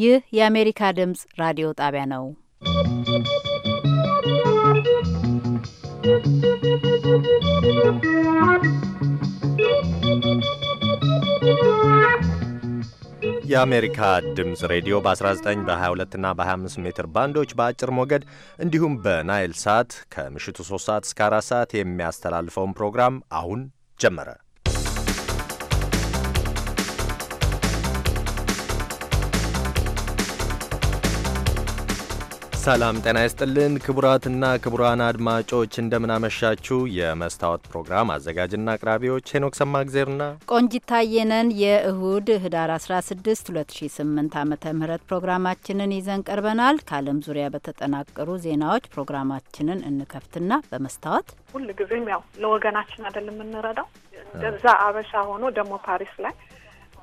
ይህ የአሜሪካ ድምፅ ራዲዮ ጣቢያ ነው። የአሜሪካ ድምፅ ሬዲዮ በ19 በ22 እና በ25 ሜትር ባንዶች በአጭር ሞገድ እንዲሁም በናይል ሳት ከምሽቱ 3 ሰዓት እስከ 4 ሰዓት የሚያስተላልፈውን ፕሮግራም አሁን ጀመረ። ሰላም ጤና ይስጥልን ክቡራትና ክቡራን አድማጮች እንደምናመሻችሁ። የመስታወት ፕሮግራም አዘጋጅና አቅራቢዎች ሄኖክ ሰማግዜርና ቆንጂት ታየ የእሁድ ህዳር 16 2008 ዓ ም ፕሮግራማችንን ይዘን ቀርበናል። ከአለም ዙሪያ በተጠናቀሩ ዜናዎች ፕሮግራማችንን እንከፍትና በመስታወት ሁልጊዜም ያው ለወገናችን አይደል የምንረዳው፣ እዛ አበሻ ሆኖ ደግሞ ፓሪስ ላይ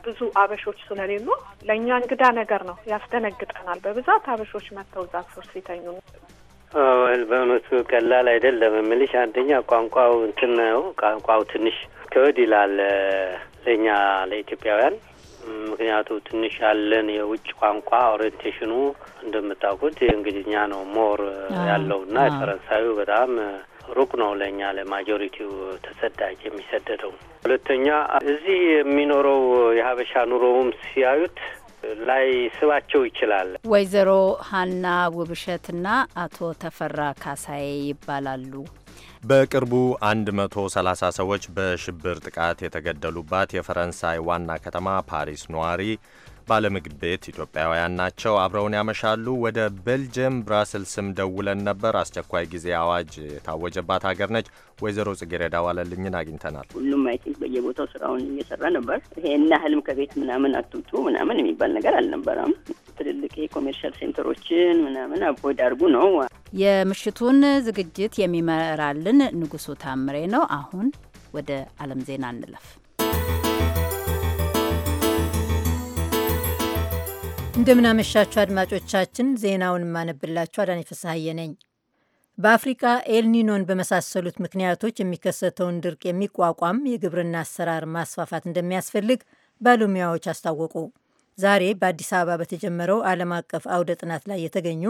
ብዙ አበሾች ስለሌሉ ለእኛ እንግዳ ነገር ነው፣ ያስደነግጠናል። በብዛት አበሾች መጥተው እዛ ስር ሲተኙ በእውነቱ ቀላል አይደለም የምልሽ። አንደኛ ቋንቋው እንትን ነው፣ ቋንቋው ትንሽ ከወድ ይላል ለእኛ ለኢትዮጵያውያን። ምክንያቱ ትንሽ ያለን የውጭ ቋንቋ ኦሪንቴሽኑ እንደምታውቁት የእንግሊዝኛ ነው ሞር ያለው እና የፈረንሳዩ በጣም ሩቅ ነው ለእኛ ለማጆሪቲው ተሰዳጅ የሚሰደደው። ሁለተኛ እዚህ የሚኖረው የሀበሻ ኑሮውም ሲያዩት ላይ ስባቸው ይችላል። ወይዘሮ ሀና ውብሸትና አቶ ተፈራ ካሳዬ ይባላሉ። በቅርቡ 130 ሰዎች በሽብር ጥቃት የተገደሉባት የፈረንሳይ ዋና ከተማ ፓሪስ ነዋሪ ቤት ኢትዮጵያውያን ናቸው። አብረውን ያመሻሉ። ወደ ቤልጅየም ብራስልስም ደውለን ነበር። አስቸኳይ ጊዜ አዋጅ የታወጀባት ሀገር ነች። ወይዘሮ ጽጌረዳ ዋለልኝን አግኝተናል። ሁሉም አይ በየቦታው ስራውን እየሰራ ነበር። ይሄና ህልም ከቤት ምናምን አትውጡ ምናምን የሚባል ነገር አልነበረም። ትልልቅ የኮሜርሻል ሴንተሮችን ምናምን አቦድ አድርጉ ነው። የምሽቱን ዝግጅት የሚመራልን ንጉሱ ታምሬ ነው። አሁን ወደ አለም ዜና እንለፍ። እንደምናመሻችሁ አድማጮቻችን፣ ዜናውን የማነብላችሁ አዳኔ ፍስሐዬ ነኝ። በአፍሪካ ኤልኒኖን በመሳሰሉት ምክንያቶች የሚከሰተውን ድርቅ የሚቋቋም የግብርና አሰራር ማስፋፋት እንደሚያስፈልግ ባለሙያዎች አስታወቁ። ዛሬ በአዲስ አበባ በተጀመረው ዓለም አቀፍ አውደ ጥናት ላይ የተገኙ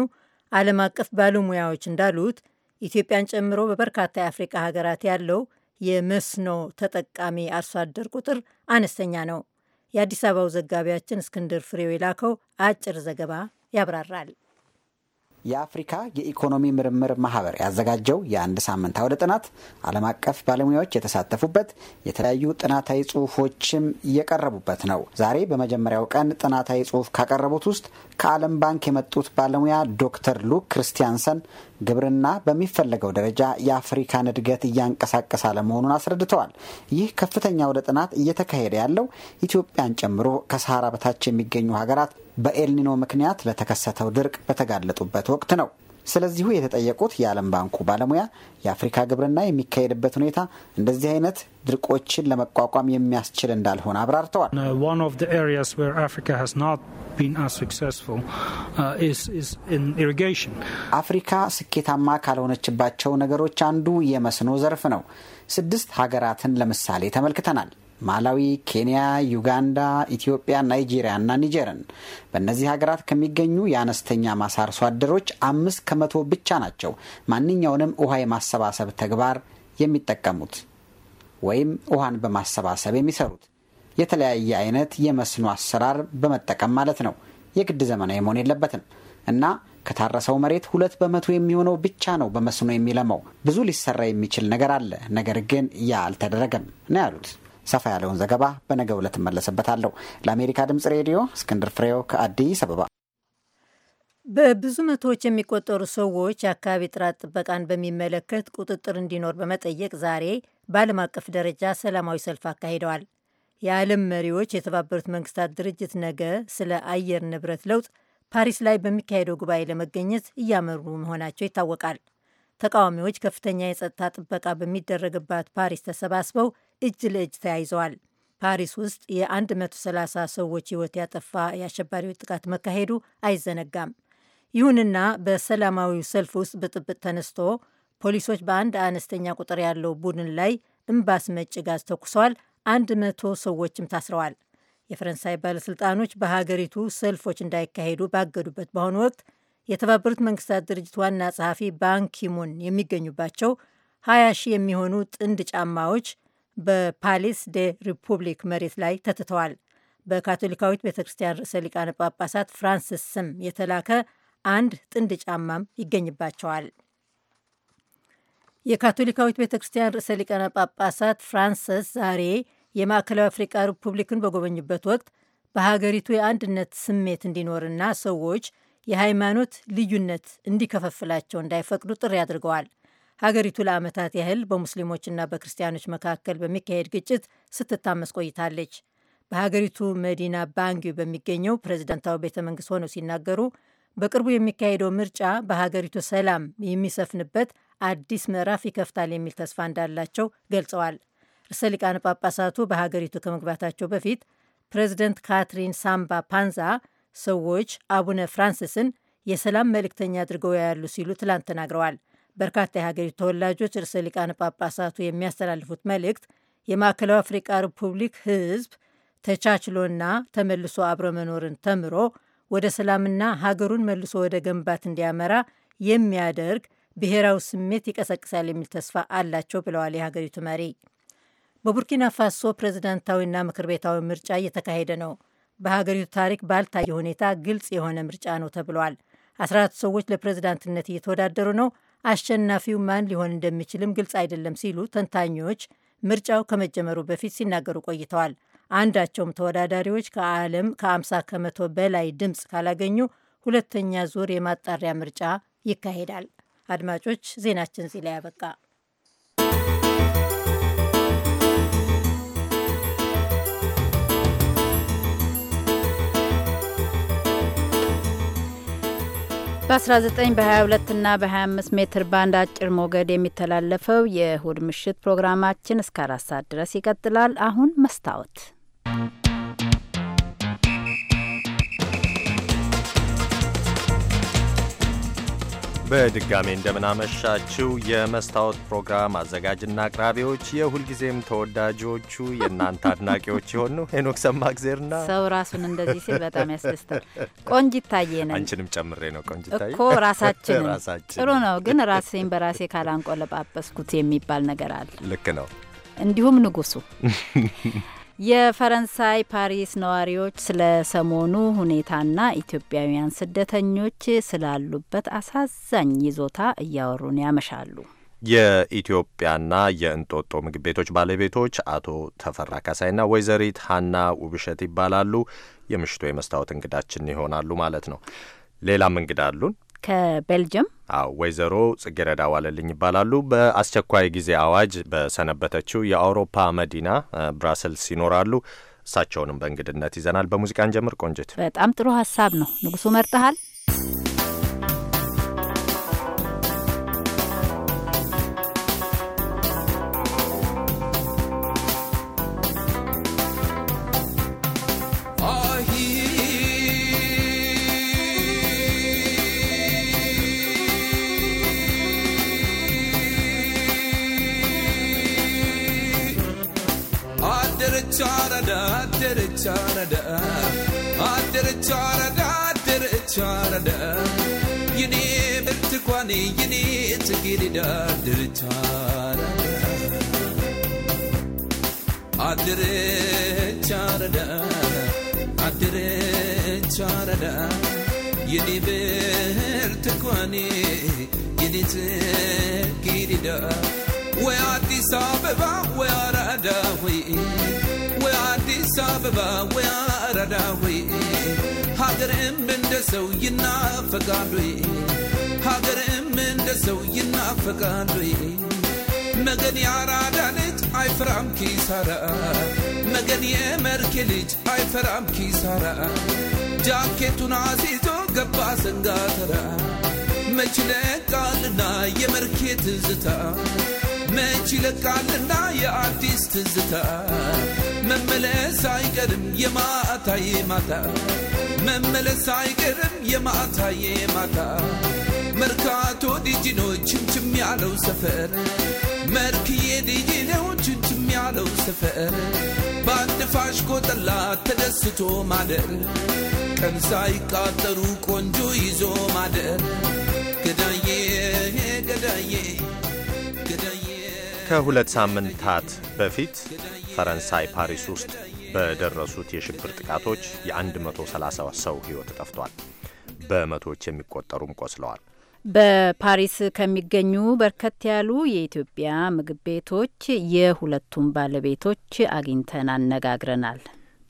ዓለም አቀፍ ባለሙያዎች እንዳሉት ኢትዮጵያን ጨምሮ በበርካታ የአፍሪካ ሀገራት ያለው የመስኖ ተጠቃሚ አርሶ አደር ቁጥር አነስተኛ ነው። የአዲስ አበባው ዘጋቢያችን እስክንድር ፍሬው የላከው አጭር ዘገባ ያብራራል። የአፍሪካ የኢኮኖሚ ምርምር ማህበር ያዘጋጀው የአንድ ሳምንት አውደ ጥናት ዓለም አቀፍ ባለሙያዎች የተሳተፉበት የተለያዩ ጥናታዊ ጽሁፎችም የቀረቡበት ነው። ዛሬ በመጀመሪያው ቀን ጥናታዊ ጽሁፍ ካቀረቡት ውስጥ ከዓለም ባንክ የመጡት ባለሙያ ዶክተር ሉክ ክርስቲያንሰን ግብርና በሚፈለገው ደረጃ የአፍሪካን እድገት እያንቀሳቀሰ አለመሆኑን አስረድተዋል። ይህ ከፍተኛ አውደ ጥናት እየተካሄደ ያለው ኢትዮጵያን ጨምሮ ከሰሃራ በታች የሚገኙ ሀገራት በኤልኒኖ ምክንያት ለተከሰተው ድርቅ በተጋለጡበት ወቅት ነው። ስለዚሁ የተጠየቁት የዓለም ባንኩ ባለሙያ የአፍሪካ ግብርና የሚካሄድበት ሁኔታ እንደዚህ አይነት ድርቆችን ለመቋቋም የሚያስችል እንዳልሆነ አብራርተዋል። uh, አፍሪካ ስኬታማ ካልሆነችባቸው ነገሮች አንዱ የመስኖ ዘርፍ ነው። ስድስት ሀገራትን ለምሳሌ ተመልክተናል። ማላዊ፣ ኬንያ፣ ዩጋንዳ፣ ኢትዮጵያ፣ ናይጄሪያ እና ኒጀርን በእነዚህ ሀገራት ከሚገኙ የአነስተኛ ማሳ አርሶ አደሮች አምስት ከመቶ ብቻ ናቸው ማንኛውንም ውሃ የማሰባሰብ ተግባር የሚጠቀሙት ወይም ውሃን በማሰባሰብ የሚሰሩት የተለያየ አይነት የመስኖ አሰራር በመጠቀም ማለት ነው። የግድ ዘመናዊ መሆን የለበትም እና ከታረሰው መሬት ሁለት በመቶ የሚሆነው ብቻ ነው በመስኖ የሚለማው። ብዙ ሊሰራ የሚችል ነገር አለ፣ ነገር ግን ያ አልተደረገም ነው ያሉት። ሰፋ ያለውን ዘገባ በነገ ዕለት እመለስበታለሁ። ለአሜሪካ ድምጽ ሬዲዮ እስክንድር ፍሬው ከአዲስ አበባ። በብዙ መቶዎች የሚቆጠሩ ሰዎች የአካባቢ ጥራት ጥበቃን በሚመለከት ቁጥጥር እንዲኖር በመጠየቅ ዛሬ በዓለም አቀፍ ደረጃ ሰላማዊ ሰልፍ አካሂደዋል። የዓለም መሪዎች የተባበሩት መንግስታት ድርጅት ነገ ስለ አየር ንብረት ለውጥ ፓሪስ ላይ በሚካሄደው ጉባኤ ለመገኘት እያመሩ መሆናቸው ይታወቃል። ተቃዋሚዎች ከፍተኛ የጸጥታ ጥበቃ በሚደረግባት ፓሪስ ተሰባስበው እጅ ለእጅ ተያይዘዋል። ፓሪስ ውስጥ የ130 ሰዎች ህይወት ያጠፋ የአሸባሪዎች ጥቃት መካሄዱ አይዘነጋም። ይሁንና በሰላማዊው ሰልፍ ውስጥ ብጥብጥ ተነስቶ ፖሊሶች በአንድ አነስተኛ ቁጥር ያለው ቡድን ላይ እምባስ መጭ ጋዝ ተኩሰዋል። 100 ሰዎችም ታስረዋል። የፈረንሳይ ባለሥልጣኖች በሀገሪቱ ሰልፎች እንዳይካሄዱ ባገዱበት በአሁኑ ወቅት የተባበሩት መንግስታት ድርጅት ዋና ጸሐፊ ባንኪሙን የሚገኙባቸው 20 ሺህ የሚሆኑ ጥንድ ጫማዎች በፓሊስ ደ ሪፑብሊክ መሬት ላይ ተትተዋል። በካቶሊካዊት ቤተ ክርስቲያን ርዕሰ ሊቃነ ጳጳሳት ፍራንሲስ ስም የተላከ አንድ ጥንድ ጫማም ይገኝባቸዋል። የካቶሊካዊት ቤተ ክርስቲያን ርዕሰ ሊቃነ ጳጳሳት ፍራንሲስ ዛሬ የማዕከላዊ አፍሪቃ ሪፑብሊክን በጎበኙበት ወቅት በሀገሪቱ የአንድነት ስሜት እንዲኖርና ሰዎች የሃይማኖት ልዩነት እንዲከፈፍላቸው እንዳይፈቅዱ ጥሪ አድርገዋል። ሀገሪቱ ለዓመታት ያህል በሙስሊሞችና በክርስቲያኖች መካከል በሚካሄድ ግጭት ስትታመስ ቆይታለች። በሀገሪቱ መዲና ባንጊ በሚገኘው ፕሬዝዳንታዊ ቤተ መንግስት ሆነው ሲናገሩ በቅርቡ የሚካሄደው ምርጫ በሀገሪቱ ሰላም የሚሰፍንበት አዲስ ምዕራፍ ይከፍታል የሚል ተስፋ እንዳላቸው ገልጸዋል። ርዕሰ ሊቃነ ጳጳሳቱ በሀገሪቱ ከመግባታቸው በፊት ፕሬዚደንት ካትሪን ሳምባ ፓንዛ ሰዎች አቡነ ፍራንሲስን የሰላም መልእክተኛ አድርገው ያያሉ ሲሉ ትላንት ተናግረዋል። በርካታ የሀገሪቱ ተወላጆች ርዕሰ ሊቃነ ጳጳሳቱ የሚያስተላልፉት መልእክት የማዕከላዊ አፍሪቃ ሪፑብሊክ ህዝብ ተቻችሎና ተመልሶ አብረ መኖርን ተምሮ ወደ ሰላምና ሀገሩን መልሶ ወደ ገንባት እንዲያመራ የሚያደርግ ብሔራዊ ስሜት ይቀሰቅሳል የሚል ተስፋ አላቸው ብለዋል የሀገሪቱ መሪ። በቡርኪና ፋሶ ፕሬዚዳንታዊና ምክር ቤታዊ ምርጫ እየተካሄደ ነው። በሀገሪቱ ታሪክ ባልታየ ሁኔታ ግልጽ የሆነ ምርጫ ነው ተብሏል። 14 ሰዎች ለፕሬዝዳንትነት እየተወዳደሩ ነው። አሸናፊው ማን ሊሆን እንደሚችልም ግልጽ አይደለም ሲሉ ተንታኞች ምርጫው ከመጀመሩ በፊት ሲናገሩ ቆይተዋል። አንዳቸውም ተወዳዳሪዎች ከዓለም ከ50 ከመቶ በላይ ድምፅ ካላገኙ ሁለተኛ ዙር የማጣሪያ ምርጫ ይካሄዳል። አድማጮች ዜናችን እዚህ ላይ ያበቃ። በ19 በ22 እና በ25 ሜትር ባንድ አጭር ሞገድ የሚተላለፈው የእሁድ ምሽት ፕሮግራማችን እስከ አራት ሰዓት ድረስ ይቀጥላል። አሁን መስታወት በድጋሜ እንደምናመሻችው የመስታወት ፕሮግራም አዘጋጅና አቅራቢዎች የሁልጊዜም ተወዳጆቹ የእናንተ አድናቂዎች የሆኑ ሄኖክ ሰማእግዜርና ሰው ራሱን እንደዚህ ሲል በጣም ያስደስታል። ቆንጅ ይታየ ነ አንችንም ጨምሬ ነው ቆንጅ ታዬ እኮ ራሳችን ጥሩ ነው ግን ራሴን በራሴ ካላንቆለጳጰስኩት የሚባል ነገር አለ። ልክ ነው። እንዲሁም ንጉሱ የፈረንሳይ ፓሪስ ነዋሪዎች ስለ ሰሞኑ ሁኔታና ኢትዮጵያውያን ስደተኞች ስላሉበት አሳዛኝ ይዞታ እያወሩን ያመሻሉ። የኢትዮጵያና የእንጦጦ ምግብ ቤቶች ባለቤቶች አቶ ተፈራ ካሳይና ወይዘሪት ሀና ውብሸት ይባላሉ። የምሽቱ የመስታወት እንግዳችን ይሆናሉ ማለት ነው። ሌላም እንግዳ አሉን። ከቤልጅየም አዎ፣ ወይዘሮ ጽጌረዳ ዋለልኝ ይባላሉ። በአስቸኳይ ጊዜ አዋጅ በሰነበተችው የአውሮፓ መዲና ብራሰልስ ይኖራሉ። እሳቸውንም በእንግድነት ይዘናል። በሙዚቃን ጀምር ቆንጅት። በጣም ጥሩ ሀሳብ ነው ንጉሱ መርጠሃል። Canada Adir Canada Adir Canada Yine bir tıkvanı yine tıkiri dadır Canada Adir Canada Adir Canada Yine bir tıkvanı yine tıkiri dadır Where Addis Ababa, where Arada, where አዲስ አበባ ወይ አራዳ ወይ ሀገርም እንደ ሰው ይናፈቃል ሀገርም እንደ ሰው ይናፈቃል መገን ያራዳ ልጅ አይፈራም ኪሳራ መገን የመርኬ ልጅ አይፈራም ኪሳራ ጃኬቱን አሲቶ ገባ ሰንጋተራ መች ይለቃልና የመርኬ ትዝታ መች ይለቃልና የአዲስ ትዝታ መመለስ አይቀርም የማታዬ ማታ መመለስ አይቀርም የማታዬ ማታ መርካቶ ልጅ ነው ችምችም ያለው ሰፈር መርክዬ ልጅ ነው ችምችም ያለው ሰፈር በአንድ ፋሽ ቆጠላ ተደስቶ ማደር ቀን ሳይቃጠሩ ቆንጆ ይዞ ማደር ገዳዬ ገዳዬ ከሁለት ሳምንታት በፊት ፈረንሳይ ፓሪስ ውስጥ በደረሱት የሽብር ጥቃቶች የ130 ሰው ሕይወት ጠፍቷል። በመቶዎች የሚቆጠሩም ቆስለዋል። በፓሪስ ከሚገኙ በርከት ያሉ የኢትዮጵያ ምግብ ቤቶች የሁለቱም ባለቤቶች አግኝተን አነጋግረናል።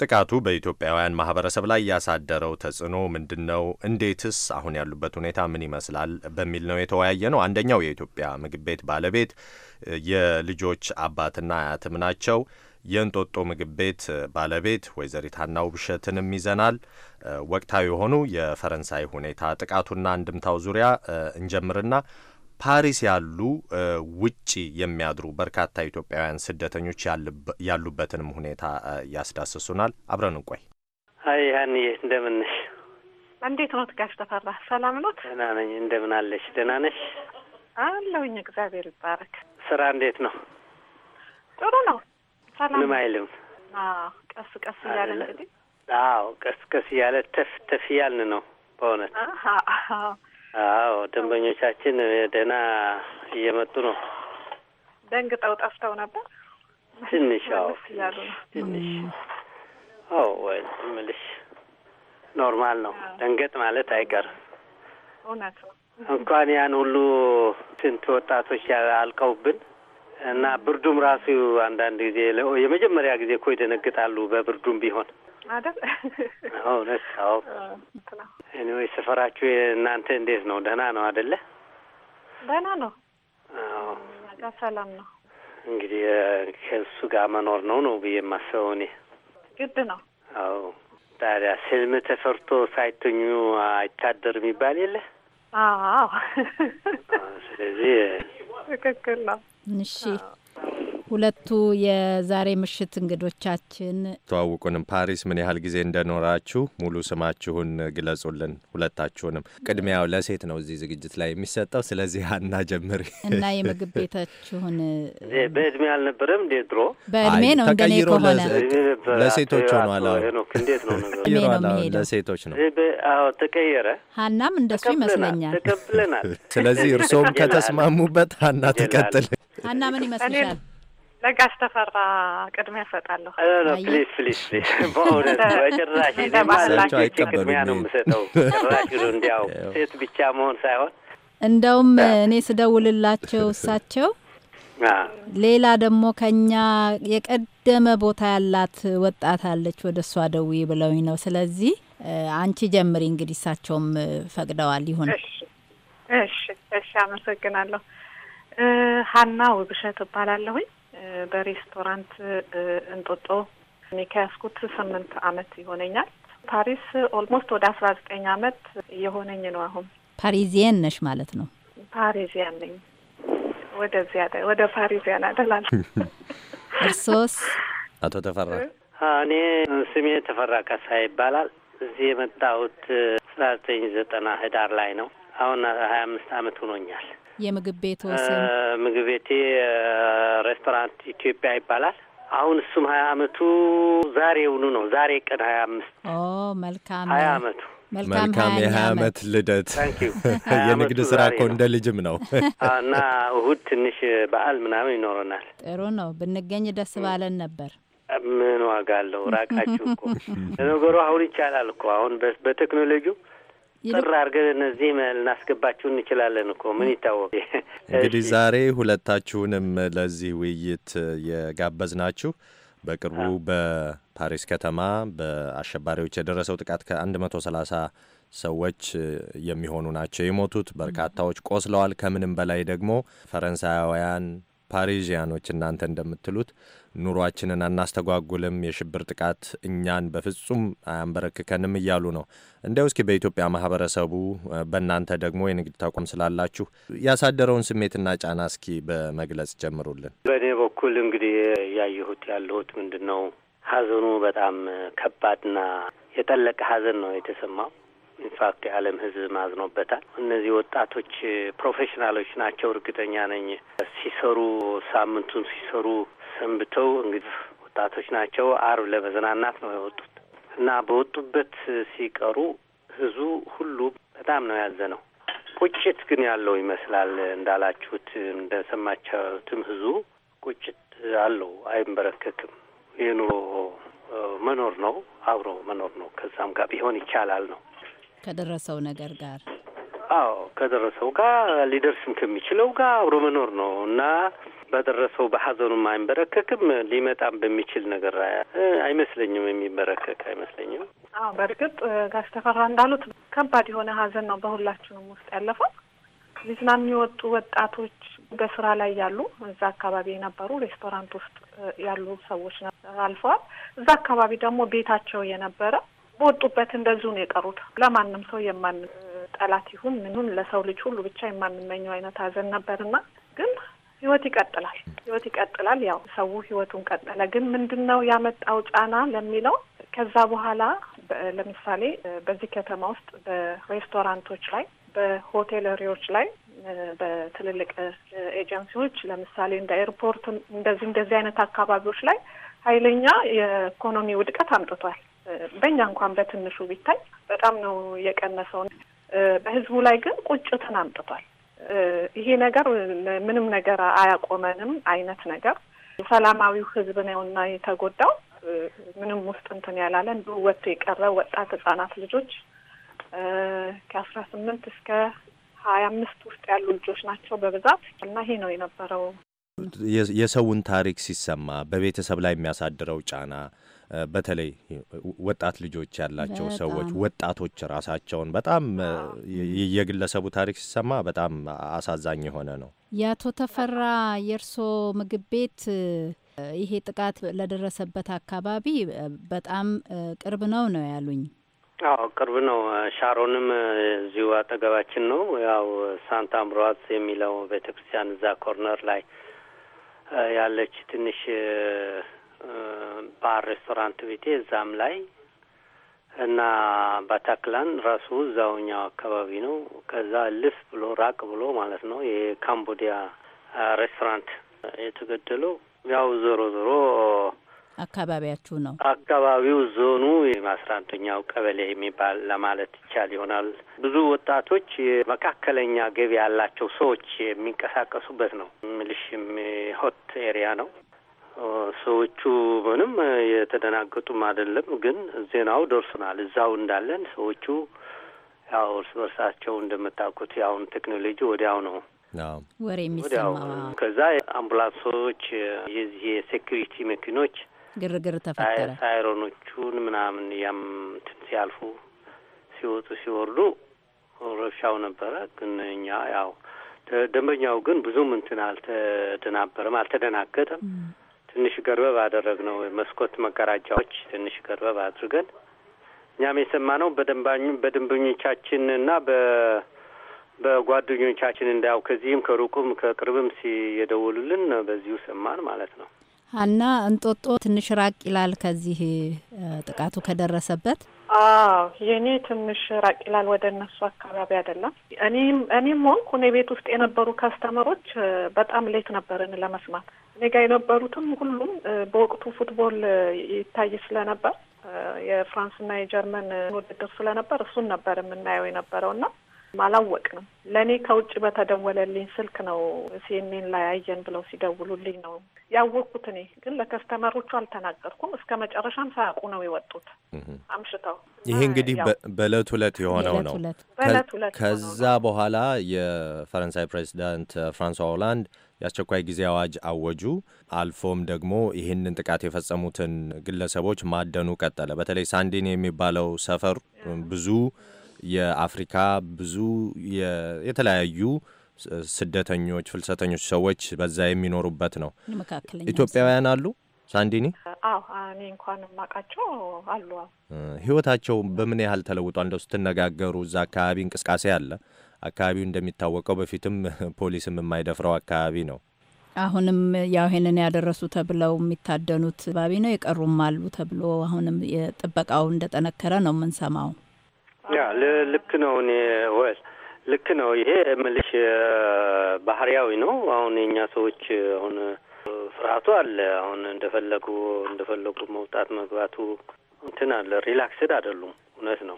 ጥቃቱ በኢትዮጵያውያን ማህበረሰብ ላይ ያሳደረው ተጽዕኖ ምንድን ነው? እንዴትስ አሁን ያሉበት ሁኔታ ምን ይመስላል? በሚል ነው የተወያየ ነው። አንደኛው የኢትዮጵያ ምግብ ቤት ባለቤት የልጆች አባትና አያትም ናቸው። የእንጦጦ ምግብ ቤት ባለቤት ወይዘሪት ሀና ይዘናል። ወቅታዊ የሆኑ የፈረንሳይ ሁኔታ ጥቃቱና አንድምታው ዙሪያ እንጀምርና ፓሪስ ያሉ ውጪ የሚያድሩ በርካታ ኢትዮጵያውያን ስደተኞች ያሉበትንም ሁኔታ ያስዳስሱናል። አብረን እንቆይ። አይ ሀንዬ እንደምንሽ? እንዴት ኖት ጋሽ ተፈራ ሰላም ኖት? ደህና ነኝ። እንደምን አለሽ? ደህና ነሽ? አለሁኝ እግዚአብሔር ይባረክ። ስራ እንዴት ነው? ጥሩ ነው። ምንም አይልም። ቀስ ቀስ እያለ እንግዲህ አዎ፣ ቀስ ቀስ እያለ ተፍ ተፍ እያልን ነው በእውነት አዎ። ደንበኞቻችን ደህና እየመጡ ነው። ደንግጠው ጠፍተው ነበር ትንሽ አዎ፣ ትንሽ አዎ። ወይ ምልሽ ኖርማል ነው። ደንገጥ ማለት አይቀርም። እውነት ነው። እንኳን ያን ሁሉ ስንት ወጣቶች አልቀውብን እና ብርዱም ራሱ አንዳንድ ጊዜ የመጀመሪያ ጊዜ እኮ ይደነግጣሉ። በብርዱም ቢሆን እውነት። ሰፈራችሁ እናንተ እንዴት ነው? ደህና ነው አደለ? ደህና ነው። ሰላም ነው። እንግዲህ ከእሱ ጋር መኖር ነው ነው ብዬ የማስበው እኔ። ግድ ነው። አዎ። ታዲያ ስልም ተፈርቶ ሳይተኙ አይታደርም ይባል የለ አዎ ስለዚህ ትክክል ነው። እሺ ሁለቱ የዛሬ ምሽት እንግዶቻችን ተዋውቁንም፣ ፓሪስ ምን ያህል ጊዜ እንደኖራችሁ ሙሉ ስማችሁን ግለጹልን። ሁለታችሁንም ቅድሚያው ለሴት ነው እዚህ ዝግጅት ላይ የሚሰጠው። ስለዚህ አና ጀምር እና የምግብ ቤታችሁን በእድሜ አልነበረም እንዴ? ድሮ በእድሜ ነው እንደኔ ከሆነ ለሴቶች ሆኗል። እንዴት ነው ነገሩ? ለሴቶች ነው። ተቀየረ። ሀናም እንደሱ ይመስለኛል። ተቀብለናል። ስለዚህ እርስዎም ከተስማሙበት ሀና ትቀጥል። ሀና ምን ይመስልሻል? ለጋሽ ተፈራ ቅድሚያ እሰጣለሁ። በእውነት በጭራሽ ቅድሚያ ነው የምሰጠው። ጭራሽ እንዲያው ሴት ብቻ መሆን ሳይሆን እንደውም እኔ ስደውልላቸው እሳቸው ሌላ ደግሞ ከኛ የቀደመ ቦታ ያላት ወጣት አለች፣ ወደ እሷ ደዊ ብለውኝ ነው። ስለዚህ አንቺ ጀምሪ እንግዲህ፣ እሳቸውም ፈቅደዋል። ይሁን። እሺ፣ እሺ፣ አመሰግናለሁ። ሀና ውብሸት እባላለሁኝ በሬስቶራንት እንጦጦ እኔ ከያዝኩት ስምንት አመት ይሆነኛል። ፓሪስ ኦልሞስት ወደ አስራ ዘጠኝ አመት የሆነኝ ነው። አሁን ፓሪዚየን ነሽ ማለት ነው? ፓሪዚያን ነኝ። ወደዚያ ወደ ፓሪዚያን አደላል። እርሶስ አቶ ተፈራ? እኔ ስሜ ተፈራ ካሳ ይባላል። እዚህ የመጣሁት አስራ ዘጠኝ ዘጠና ህዳር ላይ ነው። አሁን ሀያ አምስት አመት ሆኖኛል። የምግብ ቤት ምግብ ቤቴ ሬስቶራንት ኢትዮጵያ ይባላል። አሁን እሱም ሀያ አመቱ ዛሬውኑ ነው። ዛሬ ቀን ሀያ አምስት መልካም ሀያ አመቱ መልካም የሀያ አመት ልደት። የንግድ ስራ እኮ እንደ ልጅም ነው እና እሁድ ትንሽ በዓል ምናምን ይኖረናል። ጥሩ ነው ብንገኝ ደስ ባለን ነበር። ምን ዋጋ አለው? ራቃችሁ እኮ ለነገሩ አሁን ይቻላል እኮ አሁን በቴክኖሎጂው ጥር አድርገን እነዚህ ልናስገባችሁ እንችላለን እኮ ምን ይታወቅ። እንግዲህ ዛሬ ሁለታችሁንም ለዚህ ውይይት የጋበዝ ናችሁ በቅርቡ በፓሪስ ከተማ በአሸባሪዎች የደረሰው ጥቃት ከአንድ መቶ ሰላሳ ሰዎች የሚሆኑ ናቸው የሞቱት። በርካታዎች ቆስለዋል። ከምንም በላይ ደግሞ ፈረንሳያውያን ፓሪዥያኖች እናንተ እንደምትሉት ኑሯችንን አናስተጓጉልም፣ የሽብር ጥቃት እኛን በፍጹም አያንበረክከንም እያሉ ነው። እንዲያው እስኪ በኢትዮጵያ ማህበረሰቡ፣ በእናንተ ደግሞ የንግድ ተቋም ስላላችሁ ያሳደረውን ስሜትና ጫና እስኪ በመግለጽ ጀምሩልን። በእኔ በኩል እንግዲህ ያየሁት ያለሁት ምንድን ነው ሀዘኑ በጣም ከባድና የጠለቀ ሀዘን ነው የተሰማው ኢንፋክት የዓለም ሕዝብ ማዝኖበታል። እነዚህ ወጣቶች ፕሮፌሽናሎች ናቸው እርግጠኛ ነኝ። ሲሰሩ ሳምንቱን ሲሰሩ ሰንብተው እንግዲህ ወጣቶች ናቸው። አርብ ለመዝናናት ነው የወጡት እና በወጡበት ሲቀሩ ሕዝቡ ሁሉ በጣም ነው ያዘነው። ቁጭት ግን ያለው ይመስላል እንዳላችሁት እንደሰማችሁትም ሕዝቡ ቁጭት አለው፣ አይንበረከክም። የኑሮ መኖር ነው አብሮ መኖር ነው። ከዛም ጋር ቢሆን ይቻላል ነው ከደረሰው ነገር ጋር? አዎ ከደረሰው ጋር ሊደርስም ከሚችለው ጋር አብሮ መኖር ነው እና በደረሰው በሀዘኑም አይንበረከክም። ሊመጣም በሚችል ነገር አይመስለኝም፣ የሚበረከክ አይመስለኝም። አዎ በእርግጥ ጋሽ ተፈራ እንዳሉት ከባድ የሆነ ሀዘን ነው በሁላችንም ውስጥ ያለፈው። ሊዝናኑ የሚወጡ ወጣቶች፣ በስራ ላይ ያሉ፣ እዛ አካባቢ የነበሩ ሬስቶራንት ውስጥ ያሉ ሰዎች አልፈዋል። እዛ አካባቢ ደግሞ ቤታቸው የነበረ በወጡበት እንደዚሁ ነው የቀሩት። ለማንም ሰው የማን ጠላት ይሁን ምንም ለሰው ልጅ ሁሉ ብቻ የማንመኘው አይነት ሀዘን ነበርና ግን ህይወት ይቀጥላል። ህይወት ይቀጥላል። ያው ሰው ህይወቱን ቀጠለ። ግን ምንድን ነው ያመጣው ጫና ለሚለው ከዛ በኋላ ለምሳሌ በዚህ ከተማ ውስጥ በሬስቶራንቶች ላይ፣ በሆቴለሪዎች ላይ፣ በትልልቅ ኤጀንሲዎች ለምሳሌ እንደ ኤርፖርት እንደዚህ እንደዚህ አይነት አካባቢዎች ላይ ኃይለኛ የኢኮኖሚ ውድቀት አምጥቷል። በእኛ እንኳን በትንሹ ቢታይ በጣም ነው የቀነሰው በህዝቡ ላይ ግን ቁጭትን አምጥቷል። ይሄ ነገር ምንም ነገር አያቆመንም አይነት ነገር ሰላማዊው ህዝብ ነውና የተጎዳው ምንም ውስጥ እንትን ያላለ እንዲ ወጥቶ የቀረ ወጣት ህጻናት ልጆች ከአስራ ስምንት እስከ ሀያ አምስት ውስጥ ያሉ ልጆች ናቸው በብዛት እና ይሄ ነው የነበረው የሰውን ታሪክ ሲሰማ በቤተሰብ ላይ የሚያሳድረው ጫና በተለይ ወጣት ልጆች ያላቸው ሰዎች ወጣቶች ራሳቸውን በጣም የግለሰቡ ታሪክ ሲሰማ በጣም አሳዛኝ የሆነ ነው። የአቶ ተፈራ የእርሶ ምግብ ቤት ይሄ ጥቃት ለደረሰበት አካባቢ በጣም ቅርብ ነው ነው ያሉኝ? አዎ ቅርብ ነው። ሻሮንም እዚሁ አጠገባችን ነው። ያው ሳንታ አምሮዋዝ የሚለው ቤተ ክርስቲያን እዛ ኮርነር ላይ ያለች ትንሽ ባር ሬስቶራንት ቤቴ እዛም ላይ እና ባታክላን ራሱ እዛውኛው አካባቢ ነው። ከዛ ልፍ ብሎ ራቅ ብሎ ማለት ነው የካምቦዲያ ሬስቶራንት የተገደለው ያው ዞሮ ዞሮ አካባቢያችሁ ነው። አካባቢው ዞኑ የአስራ አንደኛው ቀበሌ የሚባል ለማለት ይቻል ይሆናል። ብዙ ወጣቶች መካከለኛ ገቢ ያላቸው ሰዎች የሚንቀሳቀሱበት ነው። ምልሽም ሆት ኤሪያ ነው። ሰዎቹ ምንም የተደናገጡም አይደለም፣ ግን ዜናው ደርሶናል። እዛው እንዳለን ሰዎቹ ያው እርስ በርሳቸው እንደምታውቁት ያሁን ቴክኖሎጂ ወዲያው ነው ወሬ ከዛ አምቡላንሶች፣ የዚህ የሴኪሪቲ መኪኖች ግርግር ተፈጠረ። ሳይሮኖቹን ምናምን ያም እንትን ሲያልፉ ሲወጡ ሲወርዱ ረብሻው ነበረ። ግን እኛ ያው ደንበኛው ግን ብዙም እንትን አልተደናበረም፣ አልተደናገጠም። ትንሽ ገርበብ ነው መስኮት መጋረጃዎች ትንሽ ገርበብ አድርገን እኛም የሰማነው በደንባኙ በደንበኞቻችን እና በ በጓደኞቻችን እንዳያው ከዚህም ከሩቁም ከቅርብም ሲየደውሉልን በዚሁ ሰማን ማለት ነው። ሀና እንጦጦ ትንሽ ራቅ ይላል ከዚህ ጥቃቱ ከደረሰበት አዎ የእኔ ትንሽ ራቅ ይላል፣ ወደ እነሱ አካባቢ አይደለም። እኔም እኔም ሆንኩ እኔ ቤት ውስጥ የነበሩ ከስተመሮች በጣም ሌት ነበርን ለመስማት። እኔ ጋር የነበሩትም ሁሉም በወቅቱ ፉትቦል ይታይ ስለነበር የፍራንስና የጀርመን ውድድር ስለነበር እሱን ነበር የምናየው የነበረው እና አላወቅንም። ለእኔ ከውጭ በተደወለልኝ ስልክ ነው ሲኤንኤን ላይ አየን ብለው ሲደውሉልኝ ነው ያወቅኩት እኔ ግን ለከስተመሮቹ አልተናገርኩም። እስከ መጨረሻም ሳያውቁ ነው የወጡት አምሽተው። ይሄ እንግዲህ በእለት ሁለት የሆነው ነው። ከዛ በኋላ የፈረንሳይ ፕሬዚዳንት ፍራንሷ ሆላንድ የአስቸኳይ ጊዜ አዋጅ አወጁ። አልፎም ደግሞ ይህንን ጥቃት የፈጸሙትን ግለሰቦች ማደኑ ቀጠለ። በተለይ ሳንዲን የሚባለው ሰፈር ብዙ የአፍሪካ ብዙ የተለያዩ ስደተኞች፣ ፍልሰተኞች ሰዎች በዛ የሚኖሩበት ነው። ኢትዮጵያውያን አሉ ሳንዲኒ? አዎ እኔ እንኳን የማውቃቸው አሉ። ህይወታቸው በምን ያህል ተለውጧ? እንደው ስትነጋገሩ እዛ አካባቢ እንቅስቃሴ አለ? አካባቢው እንደሚታወቀው በፊትም ፖሊስም የማይደፍረው አካባቢ ነው። አሁንም ያው ይሄንን ያደረሱ ተብለው የሚታደኑት ባቢ ነው። የቀሩም አሉ ተብሎ አሁንም የጥበቃው እንደጠነከረ ነው የምንሰማው። ያ ልክ ነው። እኔ ወል ልክ ነው። ይሄ ምልሽ ባህሪያዊ ነው። አሁን የእኛ ሰዎች አሁን ፍርሃቱ አለ። አሁን እንደፈለጉ እንደፈለጉ መውጣት መግባቱ እንትን አለ። ሪላክስድ አይደሉም። እውነት ነው።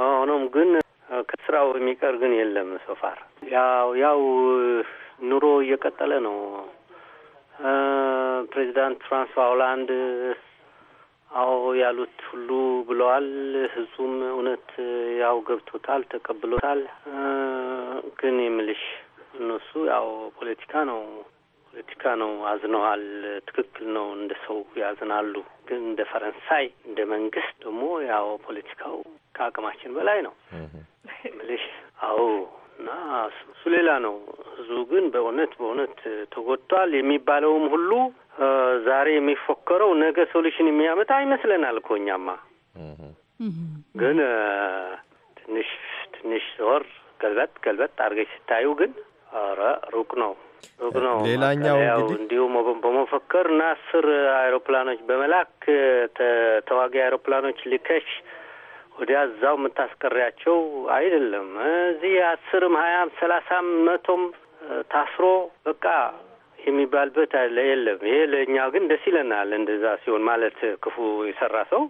ሆኖም ግን ከስራው የሚቀር ግን የለም። ሶፋር ያው ያው ኑሮ እየቀጠለ ነው። ፕሬዚዳንት ፍራንሷ ሆላንድ አዎ ያሉት ሁሉ ብለዋል። ህዝቡም እውነት ያው ገብቶታል፣ ተቀብሎታል። ግን የምልሽ እነሱ ያው ፖለቲካ ነው ፖለቲካ ነው። አዝነዋል። ትክክል ነው። እንደ ሰው ያዝናሉ። ግን እንደ ፈረንሳይ እንደ መንግስት ደግሞ ያው ፖለቲካው ከአቅማችን በላይ ነው ምልሽ እሱ ሌላ ነው። ህዝቡ ግን በእውነት በእውነት ተጎድቷል የሚባለውም ሁሉ ዛሬ የሚፎከረው ነገ ሶሉሽን የሚያመጣ ይመስለናል እኮ እኛማ። ግን ትንሽ ትንሽ ዞር ገልበጥ ገልበጥ አድርገሽ ስታዩ ግን ኧረ ሩቅ ነው ሩቅ ነው። ሌላኛው እንዲሁም በመፈከር እና አስር አይሮፕላኖች በመላክ ተዋጊ አይሮፕላኖች ልከሽ ወዲያ እዛው የምታስቀሪያቸው አይደለም። እዚህ አስርም ሀያም ሰላሳም መቶም ታስሮ በቃ የሚባልበት አለ የለም። ይሄ ለእኛ ግን ደስ ይለናል፣ እንደዛ ሲሆን ማለት ክፉ የሰራ ሰው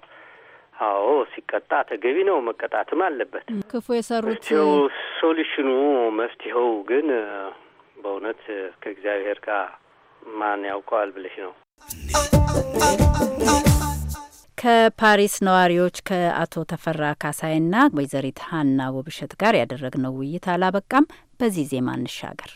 አዎ ሲቀጣ ተገቢ ነው፣ መቀጣትም አለበት። ክፉ የሰሩት ሶሉሽኑ መፍትሄው ግን በእውነት ከእግዚአብሔር ጋር ማን ያውቀዋል ብለሽ ነው። ከፓሪስ ነዋሪዎች ከአቶ ተፈራ ካሳይና ወይዘሪት ሀና ውብሸት ጋር ያደረግነው ውይይት አላበቃም። በዚህ ዜማ እንሻገር።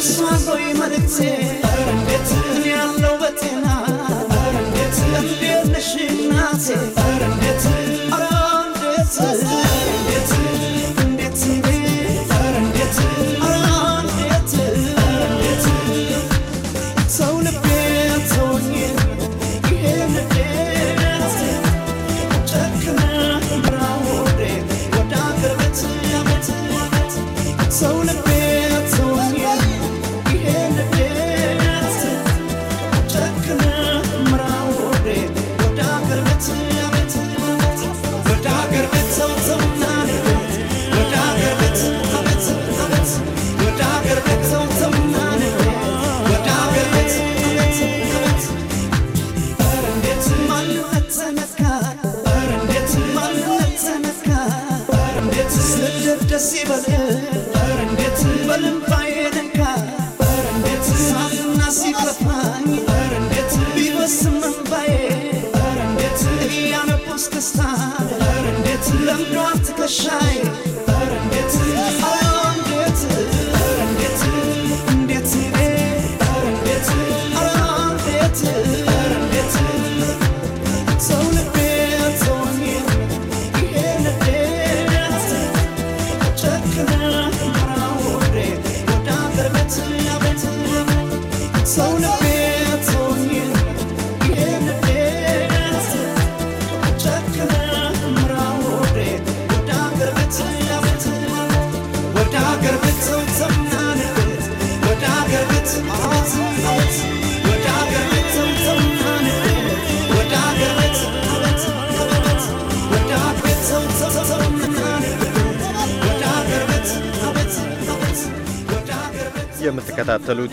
እሷ ቆይ መልክቴ እንዴት ያለው በጤና እንዴት እንዴት ነሽ እናቴ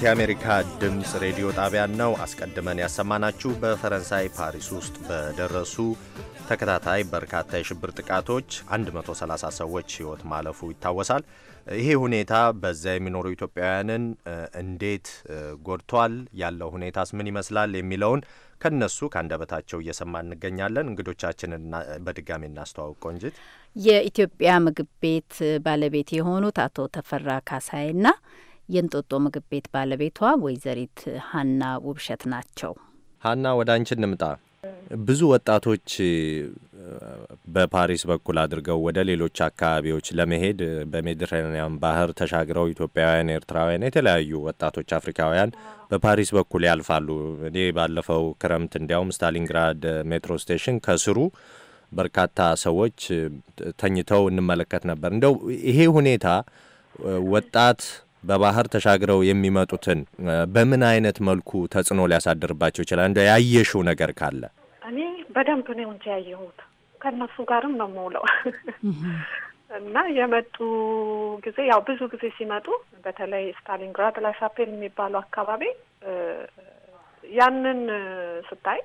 የአሜሪካ ድምፅ ሬዲዮ ጣቢያን ነው። አስቀድመን ያሰማናችሁ በፈረንሳይ ፓሪስ ውስጥ በደረሱ ተከታታይ በርካታ የሽብር ጥቃቶች 130 ሰዎች ሕይወት ማለፉ ይታወሳል። ይሄ ሁኔታ በዛ የሚኖሩ ኢትዮጵያውያንን እንዴት ጎድቷል? ያለው ሁኔታስ ምን ይመስላል? የሚለውን ከነሱ ከአንደበታቸው እየሰማ እንገኛለን። እንግዶቻችንን በድጋሚ እናስተዋውቅ። ቆንጅት፣ የኢትዮጵያ ምግብ ቤት ባለቤት የሆኑት አቶ ተፈራ ካሳይና የእንጦጦ ምግብ ቤት ባለቤቷ ወይዘሪት ሀና ውብሸት ናቸው። ሀና ወደ አንቺ እንምጣ። ብዙ ወጣቶች በፓሪስ በኩል አድርገው ወደ ሌሎች አካባቢዎች ለመሄድ በሜዲትራኒያን ባህር ተሻግረው ኢትዮጵያውያን፣ ኤርትራውያን፣ የተለያዩ ወጣቶች አፍሪካውያን በፓሪስ በኩል ያልፋሉ። እኔ ባለፈው ክረምት እንዲያውም ስታሊንግራድ ሜትሮ ስቴሽን ከስሩ በርካታ ሰዎች ተኝተው እንመለከት ነበር። እንደው ይሄ ሁኔታ ወጣት በባህር ተሻግረው የሚመጡትን በምን አይነት መልኩ ተጽዕኖ ሊያሳድርባቸው ይችላል? እንደ ያየሽው ነገር ካለ። እኔ በደንብ ነው እንጂ ያየሁት ከእነሱ ጋርም ነው የምውለው እና የመጡ ጊዜ ያው ብዙ ጊዜ ሲመጡ በተለይ ስታሊንግራድ ላሻፔል የሚባለው አካባቢ ያንን ስታይ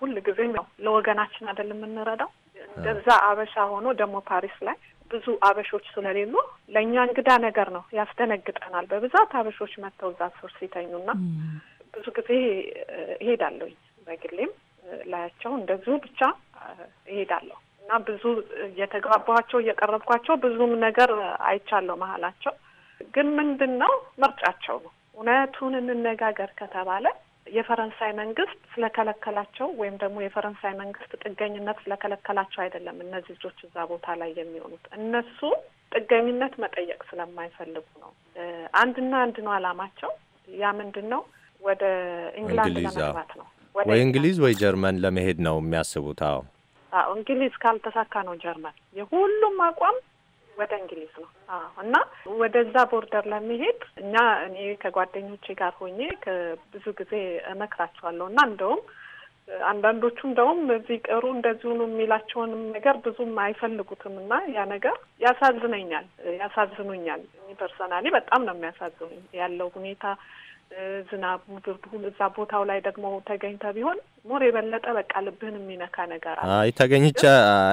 ሁል ጊዜም ያው ለወገናችን አይደለም የምንረዳው እንደዛ አበሻ ሆኖ ደግሞ ፓሪስ ላይ ብዙ አበሾች ስለሌሉ ለእኛ እንግዳ ነገር ነው፣ ያስደነግጠናል። በብዛት አበሾች መጥተው እዛ ሲተኙ ሲተኙና ብዙ ጊዜ እሄዳለሁኝ በግሌም ላያቸው እንደዚሁ ብቻ እሄዳለሁ እና ብዙ እየተግባባኋቸው እየቀረብኳቸው ብዙም ነገር አይቻለሁ። መሀላቸው ግን ምንድን ነው ምርጫቸው ነው። እውነቱን እንነጋገር ከተባለ የፈረንሳይ መንግስት ስለከለከላቸው ወይም ደግሞ የፈረንሳይ መንግስት ጥገኝነት ስለከለከላቸው አይደለም እነዚህ ልጆች እዛ ቦታ ላይ የሚሆኑት እነሱ ጥገኝነት መጠየቅ ስለማይፈልጉ ነው። አንድና አንድ ነው አላማቸው። ያ ምንድን ነው? ወደ እንግላንድ ለመግባት ነው። ወይ እንግሊዝ ወይ ጀርመን ለመሄድ ነው የሚያስቡት። አዎ እንግሊዝ ካልተሳካ ነው ጀርመን። የሁሉም አቋም ወደ እንግሊዝ ነው እና ወደዛ ቦርደር ለመሄድ እኛ እኔ ከጓደኞቼ ጋር ሆኜ ብዙ ጊዜ እመክራቸዋለሁ እና እንደውም አንዳንዶቹ እንደውም ቀሩ እንደዚሁ ነው የሚላቸውንም ነገር ብዙም አይፈልጉትም እና ያ ነገር ያሳዝነኛል ያሳዝኑኛል። ፐርሰናሊ በጣም ነው የሚያሳዝኑኝ ያለው ሁኔታ ዝናቡ፣ ብርዱ እዛ ቦታው ላይ ደግሞ ተገኝተ ቢሆን ሞር የበለጠ በቃ ልብህን የሚነካ ነገር አለ። አይ ተገኝቼ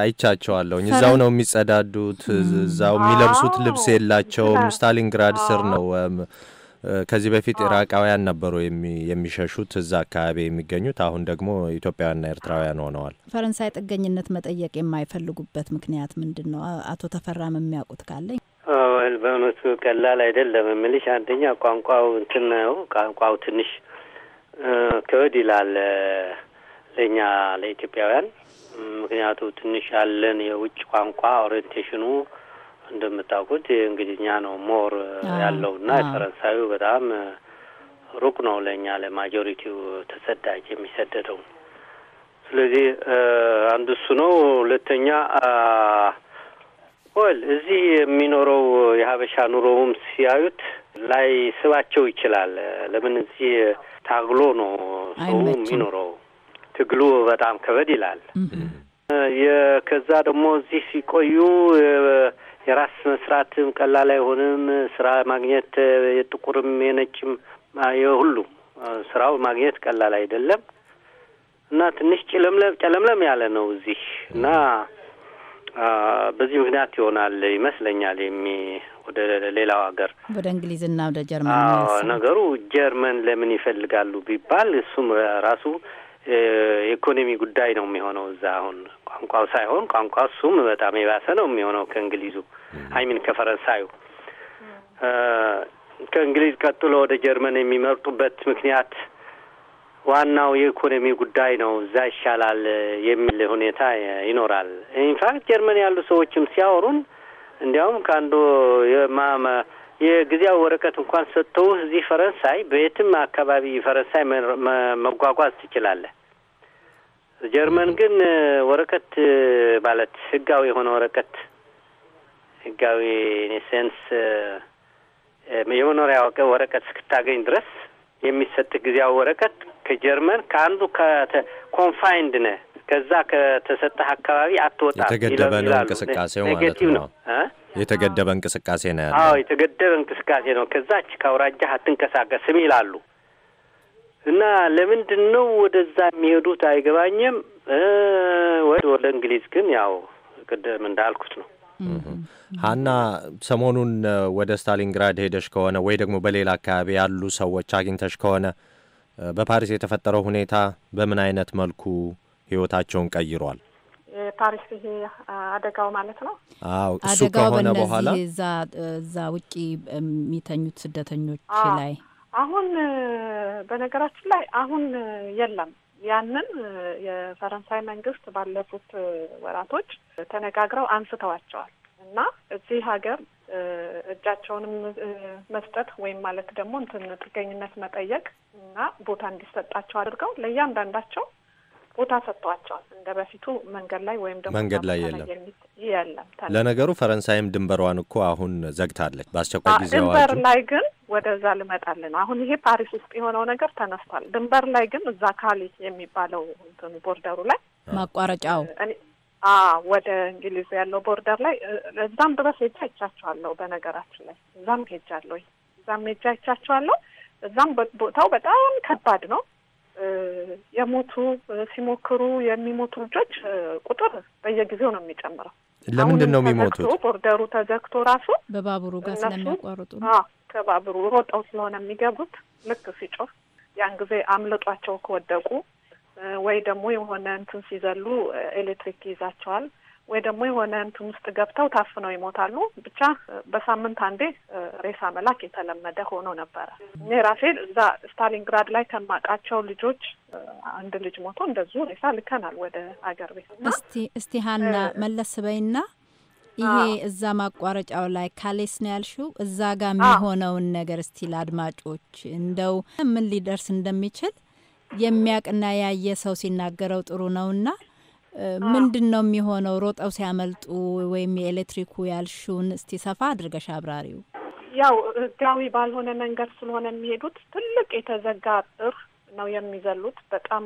አይቻቸዋለሁኝ። እዛው ነው የሚጸዳዱት፣ እዛው የሚለብሱት ልብስ የላቸውም። ስታሊንግራድ ስር ነው ከዚህ በፊት ኢራቃውያን ነበሩ የሚሸሹት እዛ አካባቢ የሚገኙት። አሁን ደግሞ ኢትዮጵያውያንና ኤርትራውያን ሆነዋል። ፈረንሳይ ጥገኝነት መጠየቅ የማይፈልጉበት ምክንያት ምንድን ነው? አቶ ተፈራም የሚያውቁት ካለኝ በእውነቱ ቀላል አይደለም። የምልሽ አንደኛ ቋንቋው እንትን ነው። ቋንቋው ትንሽ ከወድ ይላል ለእኛ ለኢትዮጵያውያን። ምክንያቱ ትንሽ ያለን የውጭ ቋንቋ ኦሪንቴሽኑ እንደምታውቁት እንግሊዝኛ ነው ሞር ያለው እና የፈረንሳዩ በጣም ሩቅ ነው ለእኛ ለማጆሪቲው ተሰዳጅ የሚሰደደው። ስለዚህ አንዱ እሱ ነው። ሁለተኛ ወል እዚህ የሚኖረው የሀበሻ ኑሮውም ሲያዩት ላይ ስባቸው ይችላል። ለምን እዚህ ታግሎ ነው ሰው የሚኖረው። ትግሉ በጣም ከበድ ይላል። ከዛ ደግሞ እዚህ ሲቆዩ የራስ መስራትም ቀላል አይሆንም። ስራ ማግኘት የጥቁርም የነጭም የሁሉም ስራው ማግኘት ቀላል አይደለም እና ትንሽ ጨለምለም ጨለምለም ያለ ነው እዚህ እና በዚህ ምክንያት ይሆናል ይመስለኛል የሚ ወደ ሌላው ሀገር ወደ እንግሊዝና ወደ ጀርመን ነገሩ ጀርመን ለምን ይፈልጋሉ ቢባል እሱም ራሱ የኢኮኖሚ ጉዳይ ነው የሚሆነው። እዛ አሁን ቋንቋው ሳይሆን ቋንቋ እሱም በጣም የባሰ ነው የሚሆነው ከእንግሊዙ አይሚን ከፈረንሳዩ ከእንግሊዝ ቀጥሎ ወደ ጀርመን የሚመርጡበት ምክንያት ዋናው የኢኮኖሚ ጉዳይ ነው። እዛ ይሻላል የሚል ሁኔታ ይኖራል። ኢንፋክት ጀርመን ያሉ ሰዎችም ሲያወሩን እንዲያውም ከአንዱ የማመ የጊዜያዊ ወረቀት እንኳን ሰጥተው እዚህ ፈረንሳይ በየትም አካባቢ ፈረንሳይ መጓጓዝ ትችላለህ። ጀርመን ግን ወረቀት ማለት ህጋዊ የሆነ ወረቀት ህጋዊ ኔሴንስ የመኖሪያ ወረቀት እስክታገኝ ድረስ የሚሰጥ ጊዜያዊ ወረቀት ከጀርመን ከአንዱ ኮንፋይንድ ነ ከዛ ከተሰጠህ አካባቢ አትወጣ። የተገደበ ነው እንቅስቃሴው ማለት ነው። የተገደበ እንቅስቃሴ ነው ያለው። አዎ የተገደበ እንቅስቃሴ ነው። ከዛች ከአውራጃ አትንቀሳቀስም ይላሉ። እና ለምንድን ነው ወደዛ የሚሄዱት አይገባኝም። ወደ እንግሊዝ ግን ያው ቅድም እንዳልኩት ነው። ሀና ሰሞኑን ወደ ስታሊንግራድ ሄደሽ ከሆነ ወይ ደግሞ በሌላ አካባቢ ያሉ ሰዎች አግኝተሽ ከሆነ በፓሪስ የተፈጠረው ሁኔታ በምን አይነት መልኩ ህይወታቸውን ቀይሯል? የፓሪስ ይሄ አደጋው ማለት ነው። አዎ እሱ ከሆነ በኋላ እዛ እዛ ውጪ የሚተኙት ስደተኞች ላይ አሁን በነገራችን ላይ አሁን የለም ያንን የፈረንሳይ መንግስት ባለፉት ወራቶች ተነጋግረው አንስተዋቸዋል እና እዚህ ሀገር እጃቸውንም መስጠት ወይም ማለት ደግሞ እንትን ጥገኝነት መጠየቅ እና ቦታ እንዲሰጣቸው አድርገው ለእያንዳንዳቸው ቦታ ሰጥተዋቸዋል። እንደ በፊቱ መንገድ ላይ ወይም ደግሞ መንገድ ላይ የለም የለም። ለነገሩ ፈረንሳይም ድንበሯን እኮ አሁን ዘግታለች። በአስቸኳይ ጊዜ ድንበር ላይ ግን ወደዛ ልመጣልን። አሁን ይሄ ፓሪስ ውስጥ የሆነው ነገር ተነስቷል። ድንበር ላይ ግን እዛ ካሊ የሚባለው እንትኑ ቦርደሩ ላይ ማቋረጫው አ ወደ እንግሊዝ ያለው ቦርደር ላይ እዛም ድረስ ሄጃ አይቻቸዋለሁ። በነገራችን ላይ እዛም ሄጃለሁ፣ እዛም ሄጃ አይቻቸዋለሁ። እዛም ቦታው በጣም ከባድ ነው። የሞቱ ሲሞክሩ የሚሞቱ ልጆች ቁጥር በየጊዜው ነው የሚጨምረው። ለምንድን ነው የሚሞቱት? ቦርደሩ ተዘግቶ ራሱ በባቡሩ ጋር ስለሚያቋርጡ ተባብሩ ሮጠው ስለሆነ የሚገቡት ልክ ሲጮፍ ያን ጊዜ አምልጧቸው ከወደቁ ወይ ደግሞ የሆነ እንትን ሲዘሉ ኤሌክትሪክ ይይዛቸዋል ወይ ደግሞ የሆነ እንትን ውስጥ ገብተው ታፍነው ይሞታሉ። ብቻ በሳምንት አንዴ ሬሳ መላክ የተለመደ ሆኖ ነበረ። እኔ ራሴ እዛ ስታሊንግራድ ላይ ከማውቃቸው ልጆች አንድ ልጅ ሞቶ እንደዚሁ ሬሳ ልከናል ወደ አገር ቤት። እስቲ እስቲ ሀና መለስ በይና ይሄ እዛ ማቋረጫው ላይ ካሌስ ነው ያልሽው። እዛ ጋር የሚሆነውን ነገር እስቲ ለአድማጮች እንደው ምን ሊደርስ እንደሚችል የሚያቅና ያየ ሰው ሲናገረው ጥሩ ነውና ምንድን ነው የሚሆነው? ሮጠው ሲያመልጡ ወይም የኤሌክትሪኩ ያልሹን እስቲ ሰፋ አድርገሽ አብራሪው። ያው ህጋዊ ባልሆነ መንገድ ስለሆነ የሚሄዱት ትልቅ የተዘጋ አጥር ነው የሚዘሉት። በጣም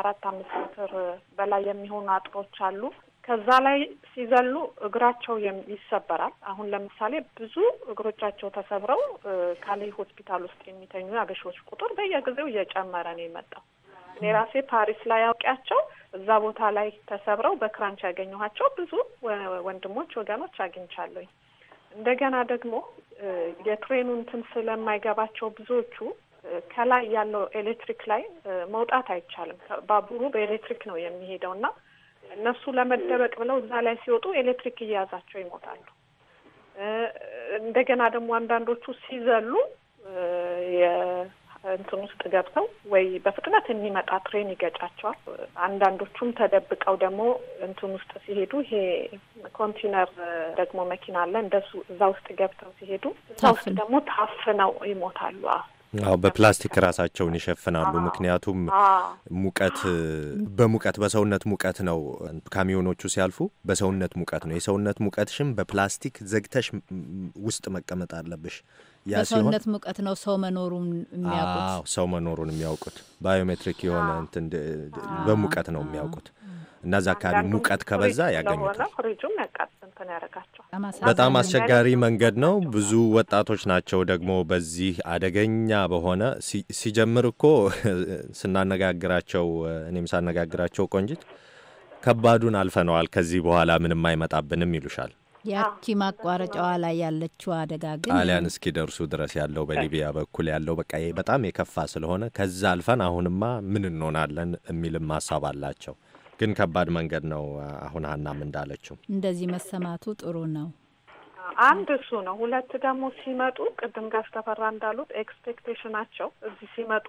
አራት አምስት ሜትር በላይ የሚሆኑ አጥሮች አሉ። ከዛ ላይ ሲዘሉ እግራቸው ይሰበራል። አሁን ለምሳሌ ብዙ እግሮቻቸው ተሰብረው ካሌ ሆስፒታል ውስጥ የሚተኙ አገሾች ቁጥር በየጊዜው እየጨመረ ነው የመጣው። እኔ ራሴ ፓሪስ ላይ አውቂያቸው እዛ ቦታ ላይ ተሰብረው በክራንች ያገኘኋቸው ብዙ ወንድሞች ወገኖች አግኝቻለሁኝ። እንደገና ደግሞ የትሬኑ እንትን ስለማይገባቸው ብዙዎቹ ከላይ ያለው ኤሌክትሪክ ላይ መውጣት አይቻልም። ባቡሩ በኤሌክትሪክ ነው የሚሄደው እና እነሱ ለመደበቅ ብለው እዛ ላይ ሲወጡ ኤሌክትሪክ እየያዛቸው ይሞታሉ። እንደገና ደግሞ አንዳንዶቹ ሲዘሉ እንትን ውስጥ ገብተው ወይ በፍጥነት የሚመጣ ትሬን ይገጫቸዋል። አንዳንዶቹም ተደብቀው ደግሞ እንትን ውስጥ ሲሄዱ ይሄ ኮንቲነር ደግሞ መኪና አለ እንደሱ እዛ ውስጥ ገብተው ሲሄዱ እዛ ውስጥ ደግሞ ታፍነው ይሞታሉ። አዎ በፕላስቲክ ራሳቸውን ይሸፍናሉ። ምክንያቱም ሙቀት በሙቀት በሰውነት ሙቀት ነው ካሚዮኖቹ ሲያልፉ በሰውነት ሙቀት ነው። የሰውነት ሙቀትሽም በፕላስቲክ ዘግተሽ ውስጥ መቀመጥ አለብሽ። በሰውነት ሙቀት ነው ሰው መኖሩን የሚያውቁት ሰው መኖሩን የሚያውቁት ባዮሜትሪክ የሆነ በሙቀት ነው የሚያውቁት። እና እዛ አካባቢ ሙቀት ከበዛ ያገኙታል። ፍሪጁም ያቃጥንትን ያደርጋቸው በጣም አስቸጋሪ መንገድ ነው። ብዙ ወጣቶች ናቸው ደግሞ በዚህ አደገኛ በሆነ ሲጀምር እኮ ስናነጋግራቸው፣ እኔም ሳነጋግራቸው ቆንጅት ከባዱን አልፈነዋል፣ ከዚህ በኋላ ምንም አይመጣብንም ይሉሻል። ያቺ ማቋረጫዋ ላይ ያለችው አደጋ ግን ጣሊያን እስኪደርሱ ድረስ ያለው በሊቢያ በኩል ያለው በቃ በጣም የከፋ ስለሆነ ከዛ አልፈን አሁንማ ምን እንሆናለን የሚልም ሀሳብ አላቸው። ግን ከባድ መንገድ ነው። አሁን ሀናም እንዳለችው እንደዚህ መሰማቱ ጥሩ ነው። አንድ እሱ ነው። ሁለት ደግሞ ሲመጡ ቅድም ጋሽ ተፈራ እንዳሉት ኤክስፔክቴሽናቸው እዚህ ሲመጡ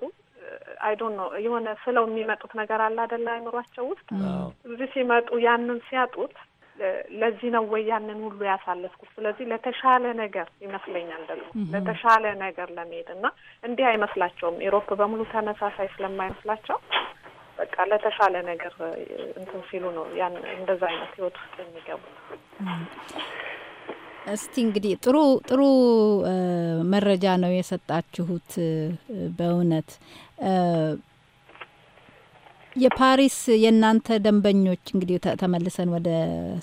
አይ ዶንት ኖ የሆነ ስለው የሚመጡት ነገር አለ አይደለ? አይምሯቸው ውስጥ እዚህ ሲመጡ ያንን ሲያጡት ለዚህ ነው ወይ ያንን ሁሉ ያሳለፍኩት። ስለዚህ ለተሻለ ነገር ይመስለኛል ደግሞ ለተሻለ ነገር ለመሄድ እና እንዲህ አይመስላቸውም። ኢሮፕ በሙሉ ተመሳሳይ ስለማይመስላቸው በቃ ለተሻለ ነገር እንትን ሲሉ ነው ያን እንደዛ አይነት ህይወት ውስጥ የሚገቡት። እስቲ እንግዲህ ጥሩ ጥሩ መረጃ ነው የሰጣችሁት። በእውነት የፓሪስ የእናንተ ደንበኞች እንግዲህ ተመልሰን ወደ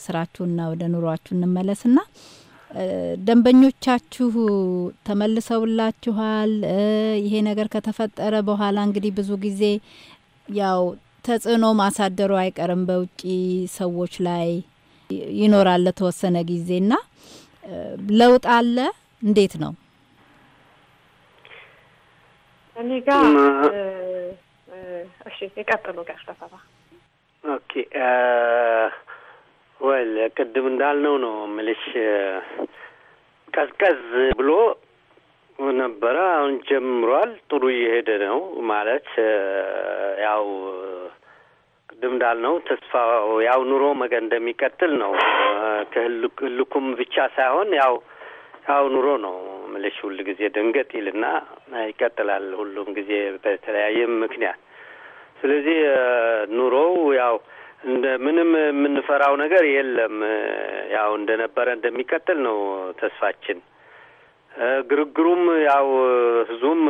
ስራችሁና ወደ ኑሯችሁ እንመለስና ደንበኞቻችሁ ተመልሰውላችኋል? ይሄ ነገር ከተፈጠረ በኋላ እንግዲህ ብዙ ጊዜ ያው ተጽዕኖ ማሳደሩ አይቀርም በውጭ ሰዎች ላይ ይኖራል ለተወሰነ እና ለውጥ አለ። እንዴት ነው? እኔ ጋር እሺ፣ የቀጥሉ ጋር ኦኬ። ወል ቅድም እንዳልነው ነው ምልሽ ቀዝቀዝ ብሎ ነበረ። አሁን ጀምሯል። ጥሩ እየሄደ ነው ማለት ያው ቅድም እንዳልነው ተስፋ ያው ኑሮ መገ እንደሚቀጥል ነው። ከህልኩም ብቻ ሳይሆን ያው ያው ኑሮ ነው ምልሽ ሁል ጊዜ ድንገት ይልና ይቀጥላል። ሁሉም ጊዜ በተለያየ ምክንያት ስለዚህ ኑሮው ያው እንደ ምንም የምንፈራው ነገር የለም። ያው እንደነበረ እንደሚቀጥል ነው ተስፋችን። ግርግሩም ያው ህዙም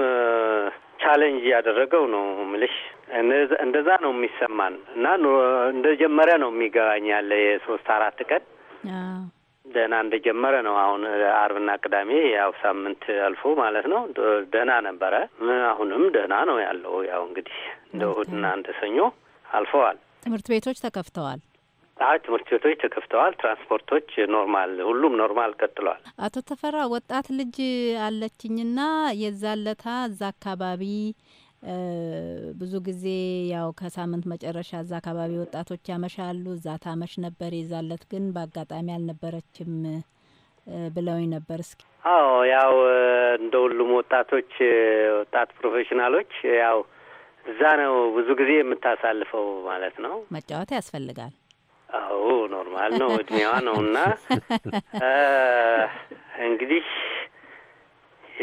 ቻሌንጅ እያደረገው ነው ምልሽ እንደዛ ነው የሚሰማን እና እንደጀመረ ነው የሚገባኝ ያለ የሶስት አራት ቀን ደህና እንደጀመረ ነው። አሁን አርብና ቅዳሜ ያው ሳምንት አልፎ ማለት ነው ደህና ነበረ። አሁንም ደህና ነው ያለው። ያው እንግዲህ እንደ እሁድና እንደ ሰኞ አልፈዋል። ትምህርት ቤቶች ተከፍተዋል። አዎ ትምህርት ቤቶች ተከፍተዋል። ትራንስፖርቶች ኖርማል፣ ሁሉም ኖርማል ቀጥሏል። አቶ ተፈራ ወጣት ልጅ አለችኝና የዛለታ እዛ አካባቢ ብዙ ጊዜ ያው ከሳምንት መጨረሻ እዛ አካባቢ ወጣቶች ያመሻሉ። እዛ ታመሽ ነበር። የዛለት ግን በአጋጣሚ አልነበረችም ብለውኝ ነበር። እስኪ አዎ ያው እንደ ሁሉም ወጣቶች ወጣት ፕሮፌሽናሎች ያው እዛ ነው ብዙ ጊዜ የምታሳልፈው ማለት ነው። መጫወት ያስፈልጋል። አዎ ኖርማል ነው፣ እድሜዋ ነው እና እንግዲህ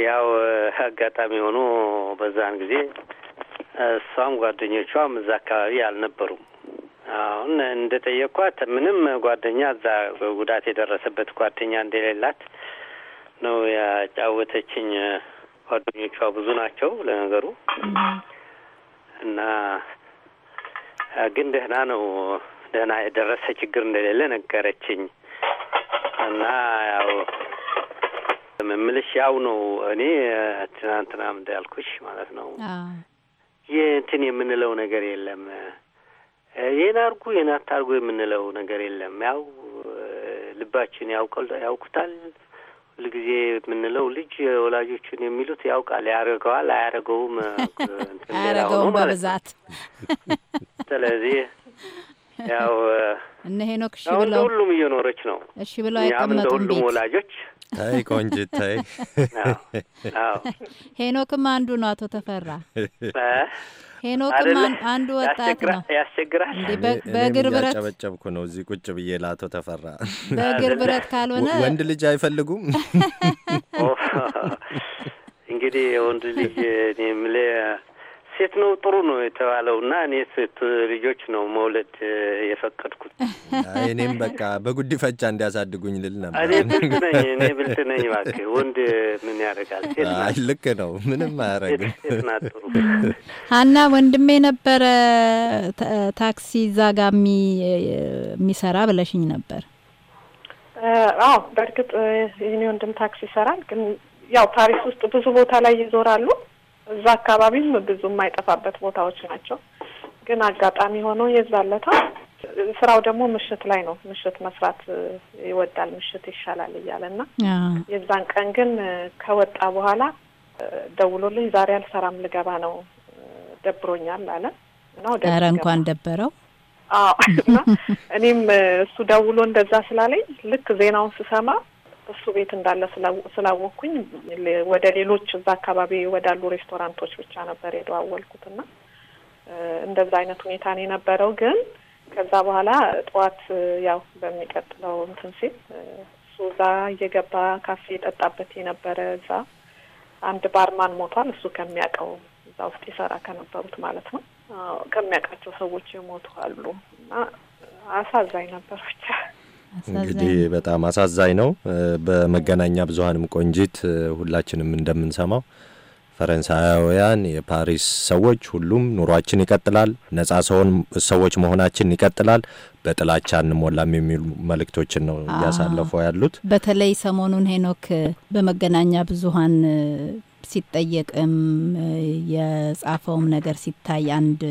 ያው አጋጣሚ ሆኖ በዛን ጊዜ እሷም ጓደኞቿም እዛ አካባቢ አልነበሩም። አሁን እንደ ጠየቅኳት ምንም ጓደኛ እዛ ጉዳት የደረሰበት ጓደኛ እንደሌላት ነው ያጫወተችኝ። ጓደኞቿ ብዙ ናቸው ለነገሩ እና ግን ደህና ነው ደህና የደረሰ ችግር እንደሌለ ነገረችኝ። እና ያው ምምልሽ ያው ነው እኔ ትናንትና እንዳልኩሽ ማለት ነው እንትን የምንለው ነገር የለም። ይህን አርጉ ይህን አታርጉ የምንለው ነገር የለም። ያው ልባችን ያውቀል ያውቁታል። ሁልጊዜ የምንለው ልጅ ወላጆቹን የሚሉት ያውቃል፣ ያደርገዋል፣ አያደርገውም አያደርገውም በብዛት ስለዚህ ያው እነ ሄኖክ እሺ ብለው ሁሉም እየኖረች ነው። እሺ ብለው አይቀመጡም። እንደ ሁሉም ወላጆች ታይ ቆንጅ ታይ ሄኖክም አንዱ ነው። አቶ ተፈራ ሄኖክም አንዱ ወጣት ነው። ያስቸግራል። በእግር ብረት ጨበጨብኩ ነው እዚህ ቁጭ ብዬ ለአቶ ተፈራ በእግር ብረት ካልሆነ ወንድ ልጅ አይፈልጉም። እንግዲህ ወንድ ልጅ እኔ የምልህ ሴት ነው ጥሩ ነው የተባለው እና እኔ ሴት ልጆች ነው መውለድ የፈቀድኩት። እኔም በቃ በጉዲፈቻ እንዲያሳድጉኝ ልል ነበር። እኔ ብልጥ ነኝ፣ እኔ ብልጥ ነኝ። እባክህ ወንድ ምን ያደርጋል? ልክ ነው፣ ምንም አያደርግም። ሴት ሀና፣ ወንድሜ ነበረ ታክሲ እዛ ጋ የሚሰራ ብለሽኝ ነበር። አዎ፣ በእርግጥ የኔ ወንድም ታክሲ ይሰራል፣ ግን ያው ፓሪስ ውስጥ ብዙ ቦታ ላይ ይዞራሉ እዛ አካባቢም ብዙ የማይጠፋበት ቦታዎች ናቸው። ግን አጋጣሚ ሆኖ የዛለታ ስራው ደግሞ ምሽት ላይ ነው። ምሽት መስራት ይወዳል፣ ምሽት ይሻላል እያለ እና የዛን ቀን ግን ከወጣ በኋላ ደውሎልኝ ዛሬ አልሰራም ልገባ ነው ደብሮኛል አለ እና ኧረ እንኳን ደበረው። አዎ እና እኔም እሱ ደውሎ እንደዛ ስላለኝ ልክ ዜናውን ስሰማ እሱ ቤት እንዳለ ስላወቅኩኝ ወደ ሌሎች እዛ አካባቢ ወዳሉ ሬስቶራንቶች ብቻ ነበር የደዋወልኩት ና እንደዛ አይነት ሁኔታ ነው የነበረው። ግን ከዛ በኋላ ጠዋት ያው በሚቀጥለው እንትን ሲል እሱ እዛ እየገባ ካፌ የጠጣበት የነበረ እዛ አንድ ባርማን ሞቷል። እሱ ከሚያውቀው እዛ ውስጥ የሰራ ከነበሩት ማለት ነው ከሚያውቃቸው ሰዎች የሞቱ አሉ እና አሳዛኝ ነበር ብቻ እንግዲህ በጣም አሳዛኝ ነው። በመገናኛ ብዙኃንም ቆንጂት፣ ሁላችንም እንደምንሰማው ፈረንሳያውያን የፓሪስ ሰዎች ሁሉም ኑሯችን ይቀጥላል፣ ነጻ ሰውን ሰዎች መሆናችን ይቀጥላል፣ በጥላቻ እንሞላም የሚሉ መልእክቶችን ነው እያሳለፉ ያሉት። በተለይ ሰሞኑን ሄኖክ በመገናኛ ብዙኃን ሲጠየቅም የጻፈውም ነገር ሲታይ አንድ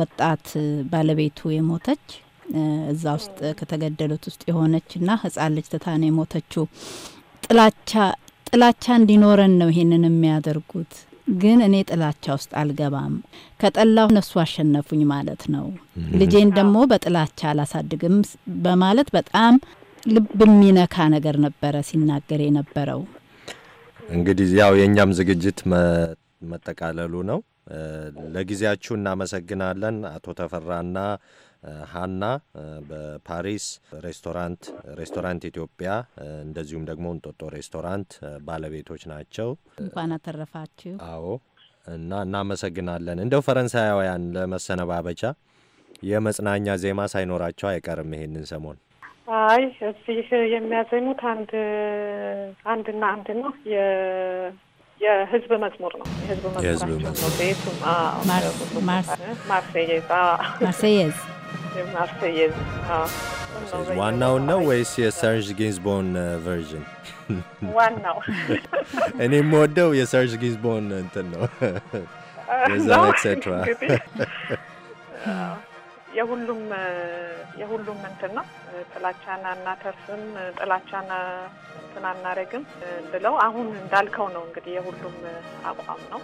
ወጣት ባለቤቱ የሞተች እዛ ውስጥ ከተገደሉት ውስጥ የሆነችና ህጻን ልጅ ትታ የሞተችው። ጥላቻ ጥላቻ እንዲኖረን ነው ይሄንን የሚያደርጉት። ግን እኔ ጥላቻ ውስጥ አልገባም። ከጠላሁ እነሱ አሸነፉኝ ማለት ነው። ልጄን ደግሞ በጥላቻ አላሳድግም በማለት በጣም ልብ የሚነካ ነገር ነበረ ሲናገር የነበረው። እንግዲህ ያው የእኛም ዝግጅት መጠቃለሉ ነው። ለጊዜያችሁ እናመሰግናለን አቶ ተፈራና ሀና በፓሪስ ሬስቶራንት ሬስቶራንት ኢትዮጵያ እንደዚሁም ደግሞ እንጦጦ ሬስቶራንት ባለቤቶች ናቸው። እንኳን አተረፋችሁ። አዎ እና እናመሰግናለን። እንደው ፈረንሳያውያን ለመሰነባበቻ የመጽናኛ ዜማ ሳይኖራቸው አይቀርም ይሄንን ሰሞን። አይ እዚህ የሚያዘኙት አንድ አንድና አንድ ነው የህዝብ መዝሙር ነው። የህዝብ መዝሙር ነው ቤቱ ዋናውን ነው ወይስ የሰርጅ ጊንስቦን ቨርዥን? ዋናው እኔ የምወደው የሰርጅ ጊንስቦን እንትን ነው። የዛን ኤትሴትራ የሁሉም የሁሉም እንትን ነው። ጥላቻና እናተርፍም uh, ጥላቻና እንትን አናረግም uh, ብለው አሁን እንዳልከው ነው እንግዲህ የሁሉም uh, አቋም ነው።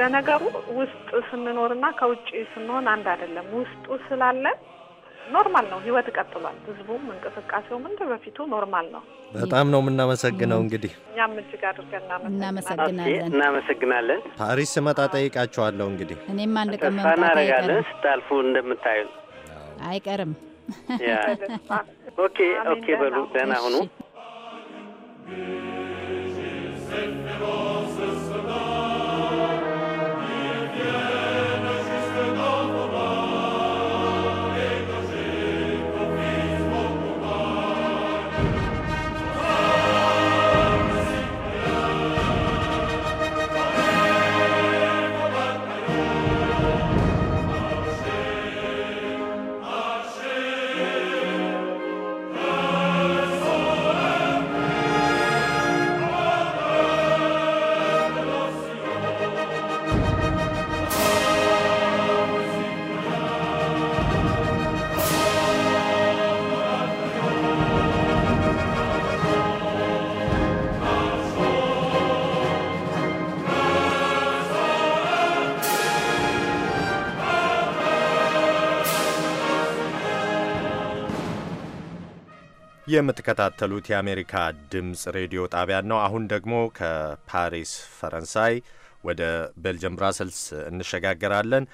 ለነገሩ ውስጥ ስንኖርና ከውጭ ስንሆን አንድ አይደለም። ውስጡ ስላለን ኖርማል ነው። ህይወት ቀጥሏል። ህዝቡም እንቅስቃሴውም እንደ በፊቱ ኖርማል ነው። በጣም ነው የምናመሰግነው። እንግዲህ እኛም እጅግ አድርገን እናመሰግናለን እናመሰግናለን። ፓሪስ ስመጣ ጠይቃችኋለሁ። እንግዲህ እኔም አንድ ቀን መምጣት ስታልፉ እንደምታዩ አይቀርም። ኦኬ ኦኬ፣ በሉ ደህና ሁኑ። የምትከታተሉት የአሜሪካ ድምፅ ሬዲዮ ጣቢያ ነው። አሁን ደግሞ ከፓሪስ ፈረንሳይ ወደ ቤልጅየም ብራሰልስ እንሸጋገራለን።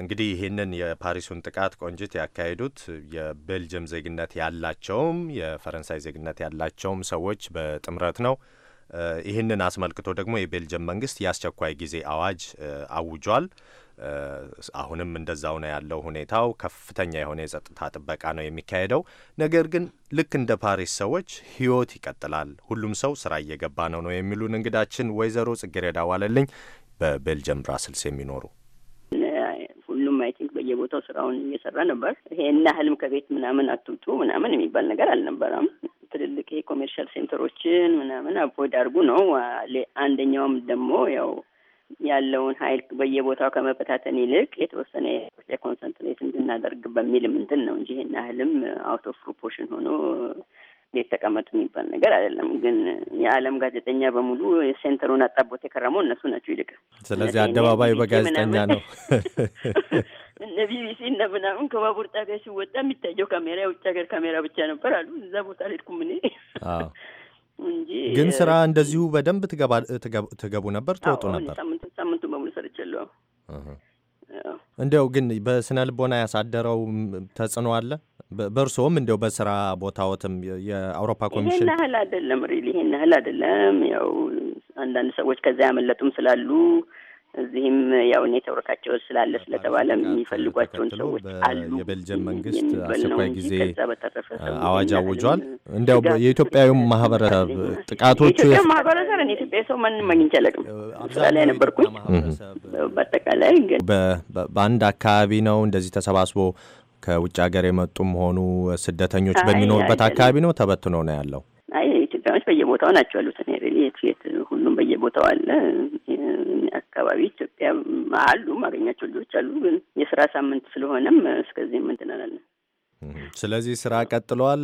እንግዲህ ይህንን የፓሪሱን ጥቃት ቆንጅት ያካሄዱት የቤልጅየም ዜግነት ያላቸውም የፈረንሳይ ዜግነት ያላቸውም ሰዎች በጥምረት ነው። ይህንን አስመልክቶ ደግሞ የቤልጅየም መንግስት የአስቸኳይ ጊዜ አዋጅ አውጇል። አሁንም እንደዛው ነው ያለው ሁኔታው። ከፍተኛ የሆነ የጸጥታ ጥበቃ ነው የሚካሄደው። ነገር ግን ልክ እንደ ፓሪስ ሰዎች ህይወት ይቀጥላል፣ ሁሉም ሰው ስራ እየገባ ነው ነው የሚሉን እንግዳችን ወይዘሮ ጽጌረዳ ዋለልኝ በቤልጅየም ብራስልስ የሚኖሩ ሁሉም አይ ቲንክ በየቦታው ስራውን እየሰራ ነበር። ይሄን ህልም ከቤት ምናምን አትውጡ ምናምን የሚባል ነገር አልነበረም። ትልልቅ ኮሜርሻል ሴንተሮችን ምናምን አቮይድ አድርጉ ነው። አንደኛውም ደግሞ ያው ያለውን ኃይል በየቦታው ከመበታተን ይልቅ የተወሰነ የኮንሰንትሬት እንድናደርግ በሚል ምንድን ነው እንጂ ይህን ያህልም አውት ኦፍ ፕሮፖርሽን ሆኖ እንዴት ተቀመጡ የሚባል ነገር አይደለም። ግን የዓለም ጋዜጠኛ በሙሉ ሴንተሩን አጣቦት የከረመው እነሱ ናቸው ይልቅ። ስለዚህ አደባባይ በጋዜጠኛ ነው። እነ ቢቢሲ እነ ምናምን ከባቡር ጣቢያ ሲወጣ የሚታየው ካሜራ የውጭ ሀገር ካሜራ ብቻ ነበር አሉ። እዛ ቦታ አልሄድኩም እኔ እንጂ ግን ስራ እንደዚሁ በደንብ ትገቡ ነበር፣ ትወጡ ነበር። ሳምንቱን በሙሉ ሰርቻለሁ። እንዲያው ግን በስነ ልቦና ያሳደረው ተጽዕኖ አለ በእርስዎም? እንዲያው በስራ ቦታዎትም የአውሮፓ ኮሚሽን ይህን ያህል አይደለም፣ ሪሊ ይህን ያህል አይደለም። ያው አንዳንድ ሰዎች ከዚያ ያመለጡም ስላሉ እዚህም ያው ኔትወርካቸው ስላለ ስለተባለ የሚፈልጓቸውን ሰዎች አሉ። የቤልጅየም መንግስት አስቸኳይ ጊዜ አዋጅ አውጇል። እንዲያው የኢትዮጵያዊ ማህበረሰብ ጥቃቶቹ ማህበረሰብ እኔ ኢትዮጵያ ሰው ማንም አግኝቼ አላውቅም። ስራ ላይ ነበርኩኝ። በአጠቃላይ ግን በአንድ አካባቢ ነው እንደዚህ ተሰባስቦ ከውጭ ሀገር የመጡም ሆኑ ስደተኞች በሚኖሩበት አካባቢ ነው ተበትኖ ነው ያለው። አይ ኢትዮጵያኖች በየቦታው ናቸው ያሉት። ሬሊ የት ሁሉም በየቦታው አለ። አካባቢ ኢትዮጵያ አሉ ማገኛቸው ልጆች አሉ። ግን የስራ ሳምንት ስለሆነም እስከዚህ እንትን ስለዚህ ስራ ቀጥሏል።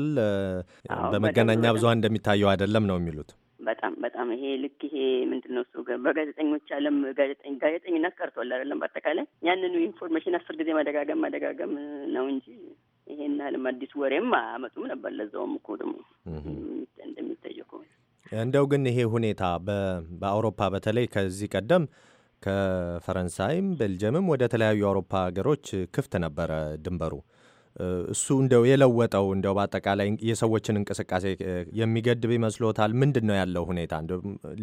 በመገናኛ ብዙኃን እንደሚታየው አይደለም ነው የሚሉት። በጣም በጣም ይሄ ልክ ይሄ ምንድን ነው እሱ በጋዜጠኞች አለም ጋዜጠኝ ጋዜጠኝነት ቀርቷል አይደለም። በአጠቃላይ ያንኑ ኢንፎርሜሽን አስር ጊዜ ማደጋገም ማደጋገም ነው እንጂ ይሄን አለም አዲስ ወሬም አመጡም ነበር። ለዛውም እኮ ደግሞ እንደሚታየው ከሆነ እንደው ግን ይሄ ሁኔታ በአውሮፓ በተለይ ከዚህ ቀደም ከፈረንሳይም ቤልጅየምም ወደ ተለያዩ የአውሮፓ ሀገሮች ክፍት ነበረ ድንበሩ። እሱ እንደው የለወጠው እንደው በአጠቃላይ የሰዎችን እንቅስቃሴ የሚገድብ ይመስሎታል? ምንድን ነው ያለው ሁኔታ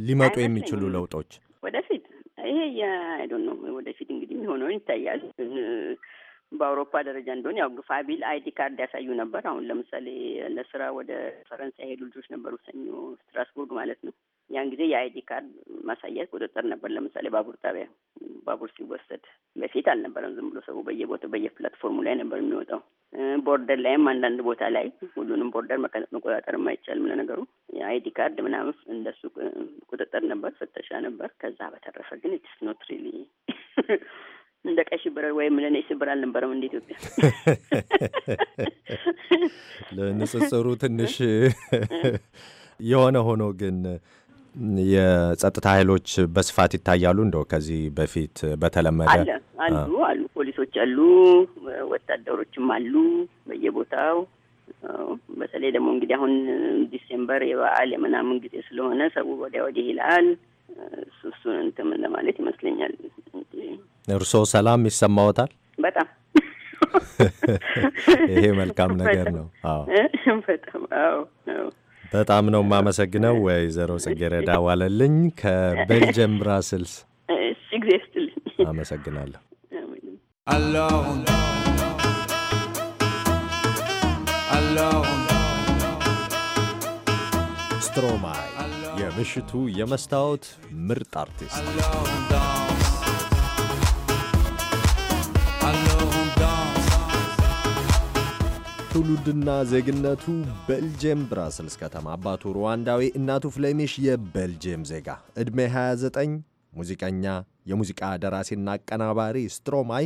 ሊመጡ የሚችሉ ለውጦች ወደፊት? ይሄ ነው። ወደፊት እንግዲህ የሚሆነውን ይታያል። በአውሮፓ ደረጃ እንደሆነ ያው ግፋ ቢል አይዲ ካርድ ያሳዩ ነበር። አሁን ለምሳሌ ለስራ ወደ ፈረንሳይ ሄዱ ልጆች ነበሩ፣ ሰኞ ስትራስቡርግ ማለት ነው። ያን ጊዜ የአይዲ ካርድ ማሳየት ቁጥጥር ነበር። ለምሳሌ ባቡር ጣቢያ ባቡር ሲወሰድ በፊት አልነበረም። ዝም ብሎ ሰው በየቦታው በየፕላትፎርሙ ላይ ነበር የሚወጣው። ቦርደር ላይም አንዳንድ ቦታ ላይ ሁሉንም ቦርደር መቆጣጠር አይቻልም። ለነገሩ የአይዲ ካርድ ምናምን እንደሱ ቁጥጥር ነበር፣ ፍተሻ ነበር። ከዛ በተረፈ ግን ኢትስ ኖት ሪሊ እንደ ቀይ ሽብር ወይም ለነጭ ሽብር አልነበረም እንደ ኢትዮጵያ። ለንጽጽሩ ትንሽ የሆነ ሆኖ ግን የጸጥታ ኃይሎች በስፋት ይታያሉ። እንደው ከዚህ በፊት በተለመደ አለ አሉ አሉ ፖሊሶች አሉ፣ ወታደሮችም አሉ በየቦታው በተለይ ደግሞ እንግዲህ አሁን ዲሴምበር የበዓል የምናምን ጊዜ ስለሆነ ሰው ወዲያ ወዲህ ይላል። እሱ እሱን እንትን ለማለት ይመስለኛል። እርስዎ ሰላም ይሰማዎታል? በጣም ይሄ መልካም ነገር ነው። አዎ በጣም አዎ በጣም ነው የማመሰግነው ወይዘሮ ጽጌረዳ ዋለልኝ ከቤልጅየም ብራስልስ። አመሰግናለሁ። ስትሮማይ የምሽቱ የመስታወት ምርጥ አርቲስት ትውልድና ዜግነቱ ቤልጅየም ብራስልስ ከተማ፣ አባቱ ሩዋንዳዊ፣ እናቱ ፍሌሚሽ የቤልጅየም ዜጋ፣ ዕድሜ 29፣ ሙዚቀኛ፣ የሙዚቃ ደራሲና አቀናባሪ ስትሮማይ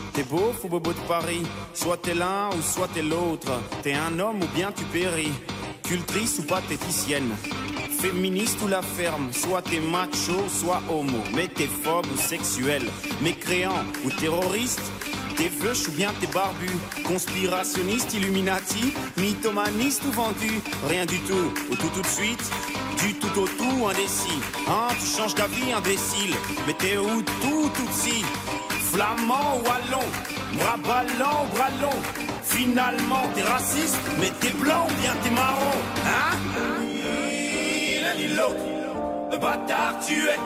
T'es beau ou bobo de Paris, soit t'es l'un ou soit t'es l'autre. T'es un homme ou bien tu péris, cultrice ou pathéticienne. Féministe ou la ferme, soit t'es macho, soit homo. Mais t'es phobe ou sexuel, mécréant ou terroriste. T'es fleuche ou bien t'es barbu, conspirationniste, illuminati, mythomaniste ou vendu. Rien du tout, ou tout tout de suite, du tout au tout indécis. Hein, tu changes d'avis imbécile, mais t'es où tout tout de si Flamand, wallon, bras ballon, bras long. Finalement, t'es raciste, mais t'es blanc ou bien t'es marron, hein L'un dit l'autre, le bâtard tu es.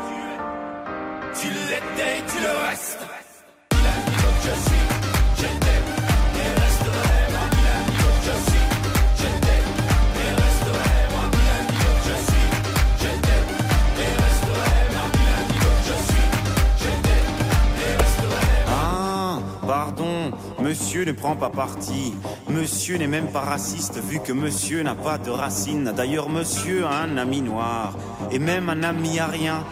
Tu l'étais, tu le restes. je suis. Monsieur ne prend pas parti. Monsieur n'est même pas raciste vu que monsieur n'a pas de racines. D'ailleurs, monsieur a un ami noir et même un ami à rien.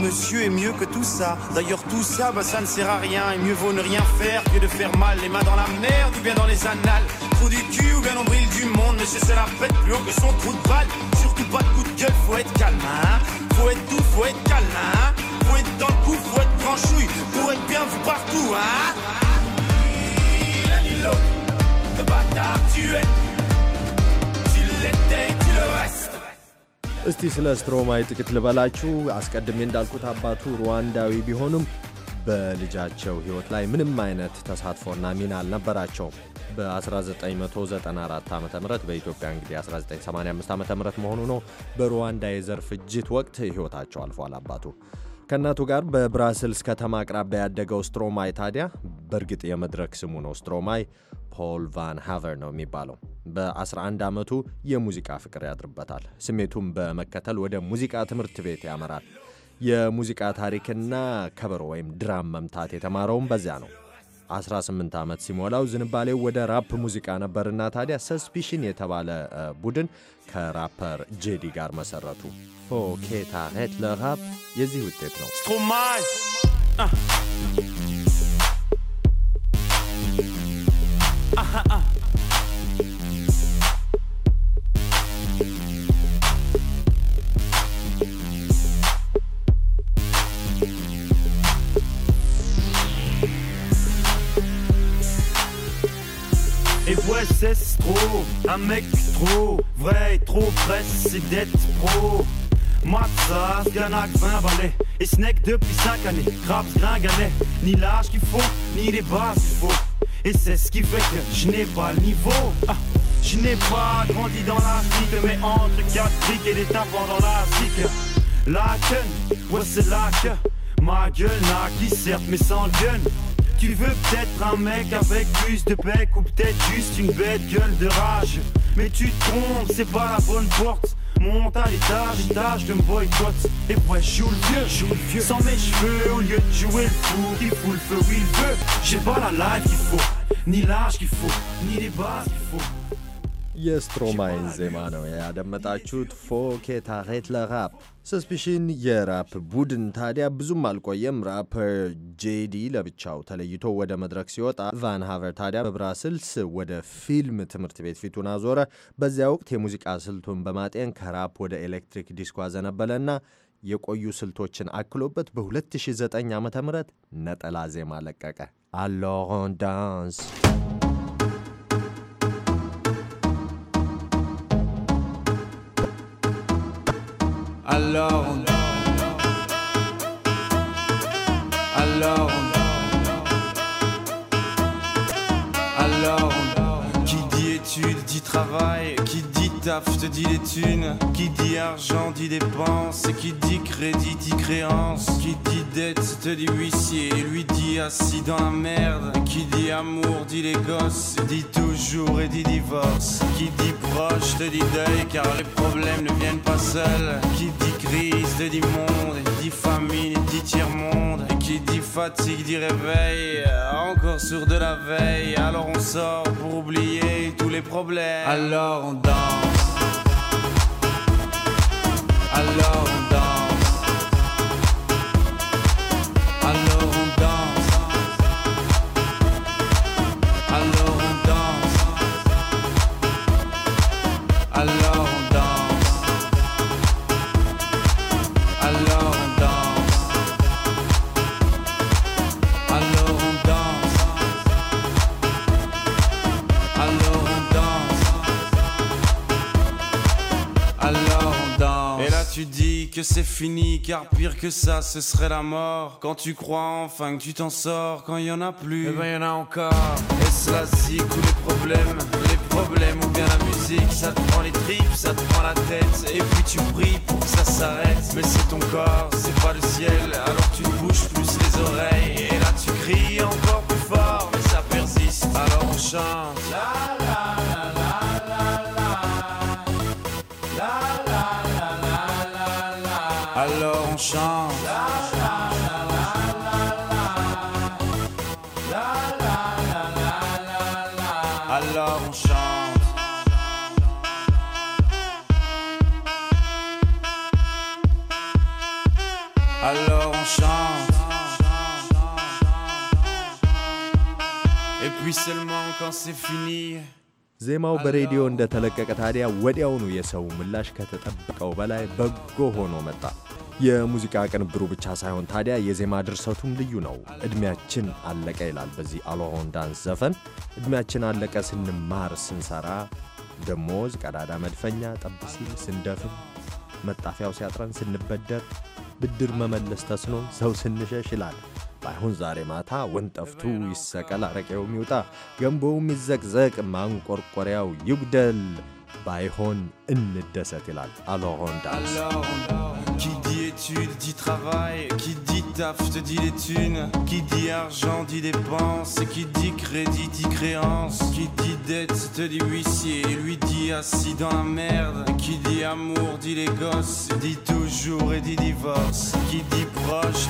Monsieur est mieux que tout ça. D'ailleurs, tout ça, bah, ça ne sert à rien. Et mieux vaut ne rien faire que de faire mal. Les mains dans la merde ou bien dans les annales. Trou du cul ou bien l'ombril du monde. Monsieur c'est la fête plus haut que son trou de balle. Surtout pas de coup de gueule, faut être calme. Hein faut être doux, faut être calme. Hein faut être dans le coup, faut être franchouille. faut être bien vu partout. Hein እስቲ ስለ ስትሮማይ ጥቂት ልበላችሁ። አስቀድሜ እንዳልኩት አባቱ ሩዋንዳዊ ቢሆኑም በልጃቸው ሕይወት ላይ ምንም አይነት ተሳትፎና ሚና አልነበራቸውም። በ1994 ዓ ም በኢትዮጵያ እንግዲህ 1985 ዓ ም መሆኑ ነው። በሩዋንዳ የዘር ፍጅት ወቅት ሕይወታቸው አልፏል አባቱ ከእናቱ ጋር በብራስልስ ከተማ አቅራቢያ ያደገው ስትሮማይ ታዲያ በእርግጥ የመድረክ ስሙ ነው። ስትሮማይ ፖል ቫን ሃቨር ነው የሚባለው። በ11 ዓመቱ የሙዚቃ ፍቅር ያድርበታል። ስሜቱን በመከተል ወደ ሙዚቃ ትምህርት ቤት ያመራል። የሙዚቃ ታሪክና ከበሮ ወይም ድራም መምታት የተማረውም በዚያ ነው። 18 ዓመት ሲሞላው ዝንባሌው ወደ ራፕ ሙዚቃ ነበርና ታዲያ ሰስፒሽን የተባለ ቡድን ከራፐር ጄዲ ጋር መሰረቱ። ፎኬታ ሄት ለራፕ የዚህ ውጤት ነው። Uh-huh. Et ouais, c'est trop, un mec trop vrai, trop presse, c'est d'être pro. Matza, vin balai, et Snake depuis 5 années. craps gringalet, ni l'âge qu'il faut, ni les bases qu'il faut. Et c'est ce qui fait que je n'ai pas le niveau. Ah. Je n'ai pas grandi dans la cité, mais entre 4 briques et les tapants dans la cycle. La gueule, ouais, c'est la gueule. Ma gueule n'a qui certes, mais sans gueule. Tu veux peut-être un mec avec plus de bec ou peut-être juste une bête gueule de rage. Mais tu te trompes, c'est pas la bonne porte. Monte à l'étage, étage de me boycott. Et ouais, je joue le vieux, joue le vieux. Sans mes cheveux, au lieu de jouer le fou, qui fout le feu où il veut. J'ai pas la life qu'il faut, ni l'âge qu'il faut, ni les bases qu'il faut. የስትሮማይን ዜማ ነው ያደመጣችሁት። ፎኬታ ሬት ለራፕ ሰስፒሽን የራፕ ቡድን ታዲያ ብዙም አልቆየም። ራፐር ጄዲ ለብቻው ተለይቶ ወደ መድረክ ሲወጣ ቫን ሃቨር ታዲያ በብራስልስ ወደ ፊልም ትምህርት ቤት ፊቱን አዞረ። በዚያ ወቅት የሙዚቃ ስልቱን በማጤን ከራፕ ወደ ኤሌክትሪክ ዲስኮ አዘነበለና የቆዩ ስልቶችን አክሎበት በ2009 ዓ ም ነጠላ ዜማ ለቀቀ አሎን ዳንስ Alors on Alors on Alors on Qui dit études dit travail, qui dit taf, te dit les thunes. Qui dit argent dit dépense. qui dit crédit dit créance. Qui dit dette te dit huissier. lui dit assis dans la merde. qui dit amour dit les gosses. dit toujours et dit divorce. Qui dit proche te dit deuil car les problèmes ne viennent pas seuls. Qui dit crise te dit monde. dit famine dit tiers monde dit fatigue dit réveil, euh, encore sur de la veille. Alors on sort pour oublier tous les problèmes. Alors on danse. Alors c'est fini, car pire que ça, ce serait la mort. Quand tu crois enfin que tu t'en sors, quand il y en a plus, eh ben y en a encore. Et cela la tous ou les problèmes, les problèmes ou bien la musique, ça te prend les tripes, ça te prend la tête, et puis tu pries pour que ça s'arrête. Mais c'est ton corps, c'est pas le ciel, alors tu bouges plus les oreilles, et là tu cries encore plus fort, mais ça persiste. Alors on chante. ዜማው በሬዲዮ እንደተለቀቀ ታዲያ ወዲያውኑ የሰው ምላሽ ከተጠበቀው በላይ በጎ ሆኖ መጣ። የሙዚቃ ቅንብሩ ብቻ ሳይሆን ታዲያ የዜማ ድርሰቱም ልዩ ነው። እድሜያችን አለቀ ይላል በዚህ አልሆን ዳንስ ዘፈን። ዕድሜያችን አለቀ ስንማር፣ ስንሰራ፣ ደሞዝ ቀዳዳ መድፈኛ ጠብ ሲል ስንደፍን፣ መጣፊያው ሲያጥረን፣ ስንበደር፣ ብድር መመለስ ተስኖን፣ ሰው ስንሸሽ ይላል ባይሆን ዛሬ ማታ ወንጠፍቱ ይሰቀል፣ አረቄውም ይውጣ፣ ገንቦውም ይዘቅዘቅ፣ ማንቆርቆሪያው ይጉደል፣ ባይሆን እንደሰት ይላል አሎሮን ዳንስ። Qui dit études dit travail, qui dit taf te dit les thunes, qui dit argent dit dépenses, qui dit crédit dit créance, qui dit dette te dit huissier, lui dit assis dans la merde, qui dit amour dit les gosses, dit toujours et dit divorce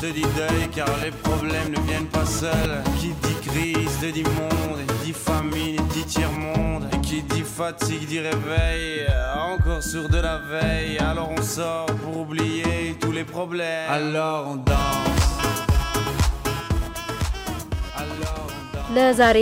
te dis deuil car les problèmes ne viennent pas seuls. Qui dit crise te dit monde, dit famine, dit tiers-monde. Qui dit fatigue dit réveil, encore sur de la veille. Alors on sort pour oublier tous les problèmes. Alors on danse. ለዛሬ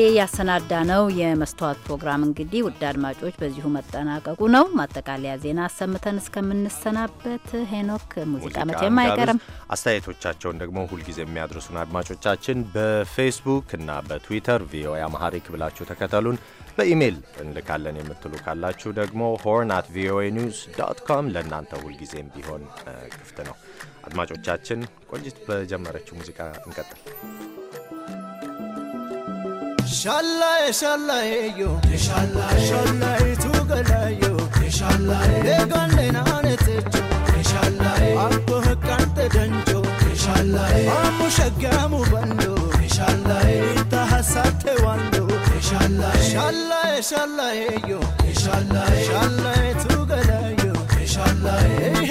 ነው የመስተዋት ፕሮግራም እንግዲህ ውድ አድማጮች በዚሁ መጠናቀቁ ነው። ማጠቃለያ ዜና አሰምተን እስከምንሰናበት ሄኖክ ሙዚቃ መቼም አይቀርም። አስተያየቶቻቸውን ደግሞ ሁልጊዜ የሚያድርሱን አድማጮቻችን በፌስቡክ እና በትዊተር ቪኦኤ አማሃሪክ ብላችሁ ተከተሉን። በኢሜይል እንልካለን የምትሉ ካላችሁ ደግሞ ሆርን አት ቪኦኤ ኒውስ ዶት ኮም ለእናንተ ሁልጊዜም ቢሆን ክፍት ነው። አድማጮቻችን ቆንጅት በጀመረችው ሙዚቃ እንቀጥል። ሻላዬ ሻላዬዮ ሻላይቱ ገላዮ ደጋሌናነትቾ አቦ ህቃንተ ደንቾ አሙ ሸጋሙ በንዶ ኢታ ሀሳቴ ዋንዶ ሻላዬ ሻላዬዮ ሻላይቱ ገላዮ ይሄ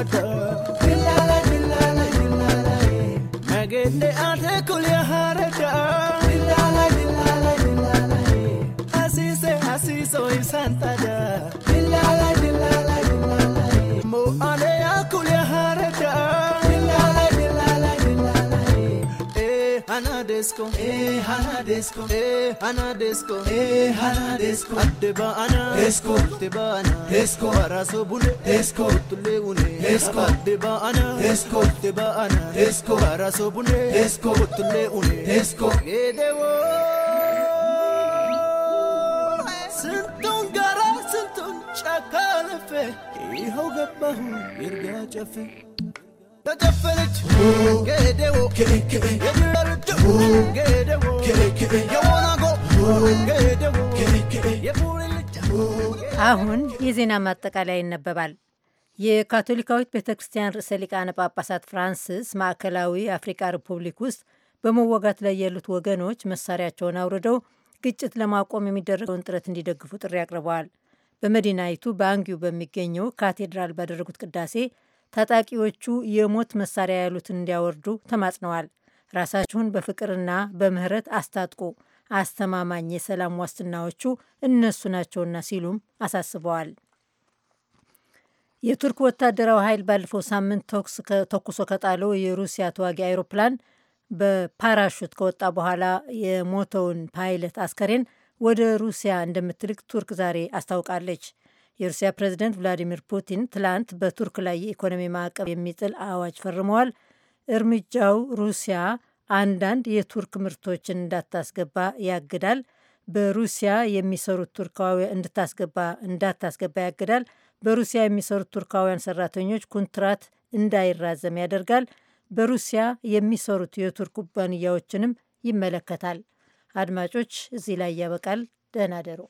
moto Jillala jillala jillala Nagende ate kulya harata Jillala jillala jillala Asise asiso isanta disco, eh hana disco, eh hana disco, eh hana disco. Adde baana disco, adde baana disco. Araso bune disco, tulle une disco. Adde baana disco, adde baana disco. Araso bune disco, tulle une disco. Eh dewo. ስንቱን ጋራ ስንቱን ጫካ ለፌ ይኸው ገባሁ ይርጋ ጨፌ አሁን የዜና ማጠቃለያ ይነበባል። የካቶሊካዊት ቤተ ክርስቲያን ርዕሰ ሊቃነ ጳጳሳት ፍራንስስ ማዕከላዊ አፍሪካ ሪፑብሊክ ውስጥ በመዋጋት ላይ ያሉት ወገኖች መሳሪያቸውን አውርደው ግጭት ለማቆም የሚደረገውን ጥረት እንዲደግፉ ጥሪ አቅርበዋል። በመዲናይቱ ባንጊው በሚገኘው ካቴድራል ባደረጉት ቅዳሴ ታጣቂዎቹ የሞት መሳሪያ ያሉትን እንዲያወርዱ ተማጽነዋል። ራሳችሁን በፍቅርና በምህረት አስታጥቁ፣ አስተማማኝ የሰላም ዋስትናዎቹ እነሱ ናቸውና ሲሉም አሳስበዋል። የቱርክ ወታደራዊ ኃይል ባለፈው ሳምንት ተኩሶ ከጣለው የሩሲያ ተዋጊ አይሮፕላን በፓራሹት ከወጣ በኋላ የሞተውን ፓይለት አስከሬን ወደ ሩሲያ እንደምትልክ ቱርክ ዛሬ አስታውቃለች። የሩሲያ ፕሬዚደንት ቭላዲሚር ፑቲን ትላንት በቱርክ ላይ የኢኮኖሚ ማዕቀብ የሚጥል አዋጅ ፈርመዋል። እርምጃው ሩሲያ አንዳንድ የቱርክ ምርቶችን እንዳታስገባ ያግዳል፣ በሩሲያ የሚሰሩት ቱርካዊ እንድታስገባ እንዳታስገባ ያግዳል፣ በሩሲያ የሚሰሩት ቱርካውያን ሰራተኞች ኮንትራት እንዳይራዘም ያደርጋል፣ በሩሲያ የሚሰሩት የቱርክ ኩባንያዎችንም ይመለከታል። አድማጮች፣ እዚህ ላይ ያበቃል። ደህና ደሩ።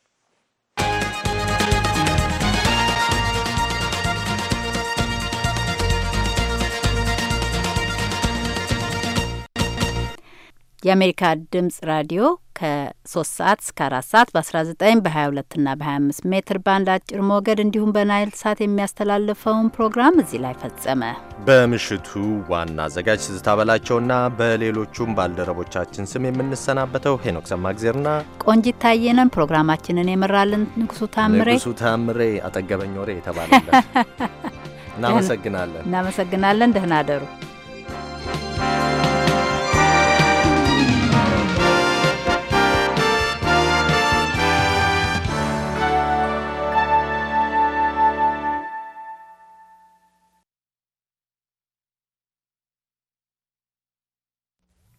የአሜሪካ ድምጽ ራዲዮ ከሶስት ሰዓት እስከ አራት ሰዓት በ19 በ22ና በ25 ሜትር ባንድ አጭር ሞገድ እንዲሁም በናይል ሳት የሚያስተላልፈውን ፕሮግራም እዚህ ላይ ፈጸመ። በምሽቱ ዋና አዘጋጅ ትዝታ በላቸውና በሌሎቹም ባልደረቦቻችን ስም የምንሰናበተው ሄኖክ ሰማግዜርና ቆንጂት ታየነን። ፕሮግራማችንን የመራልን ንጉሱ ታምሬ ንጉሱ ታምሬ አጠገበኝ ወሬ የተባለለን። እናመሰግናለን። እናመሰግናለን። ደህና አደሩ።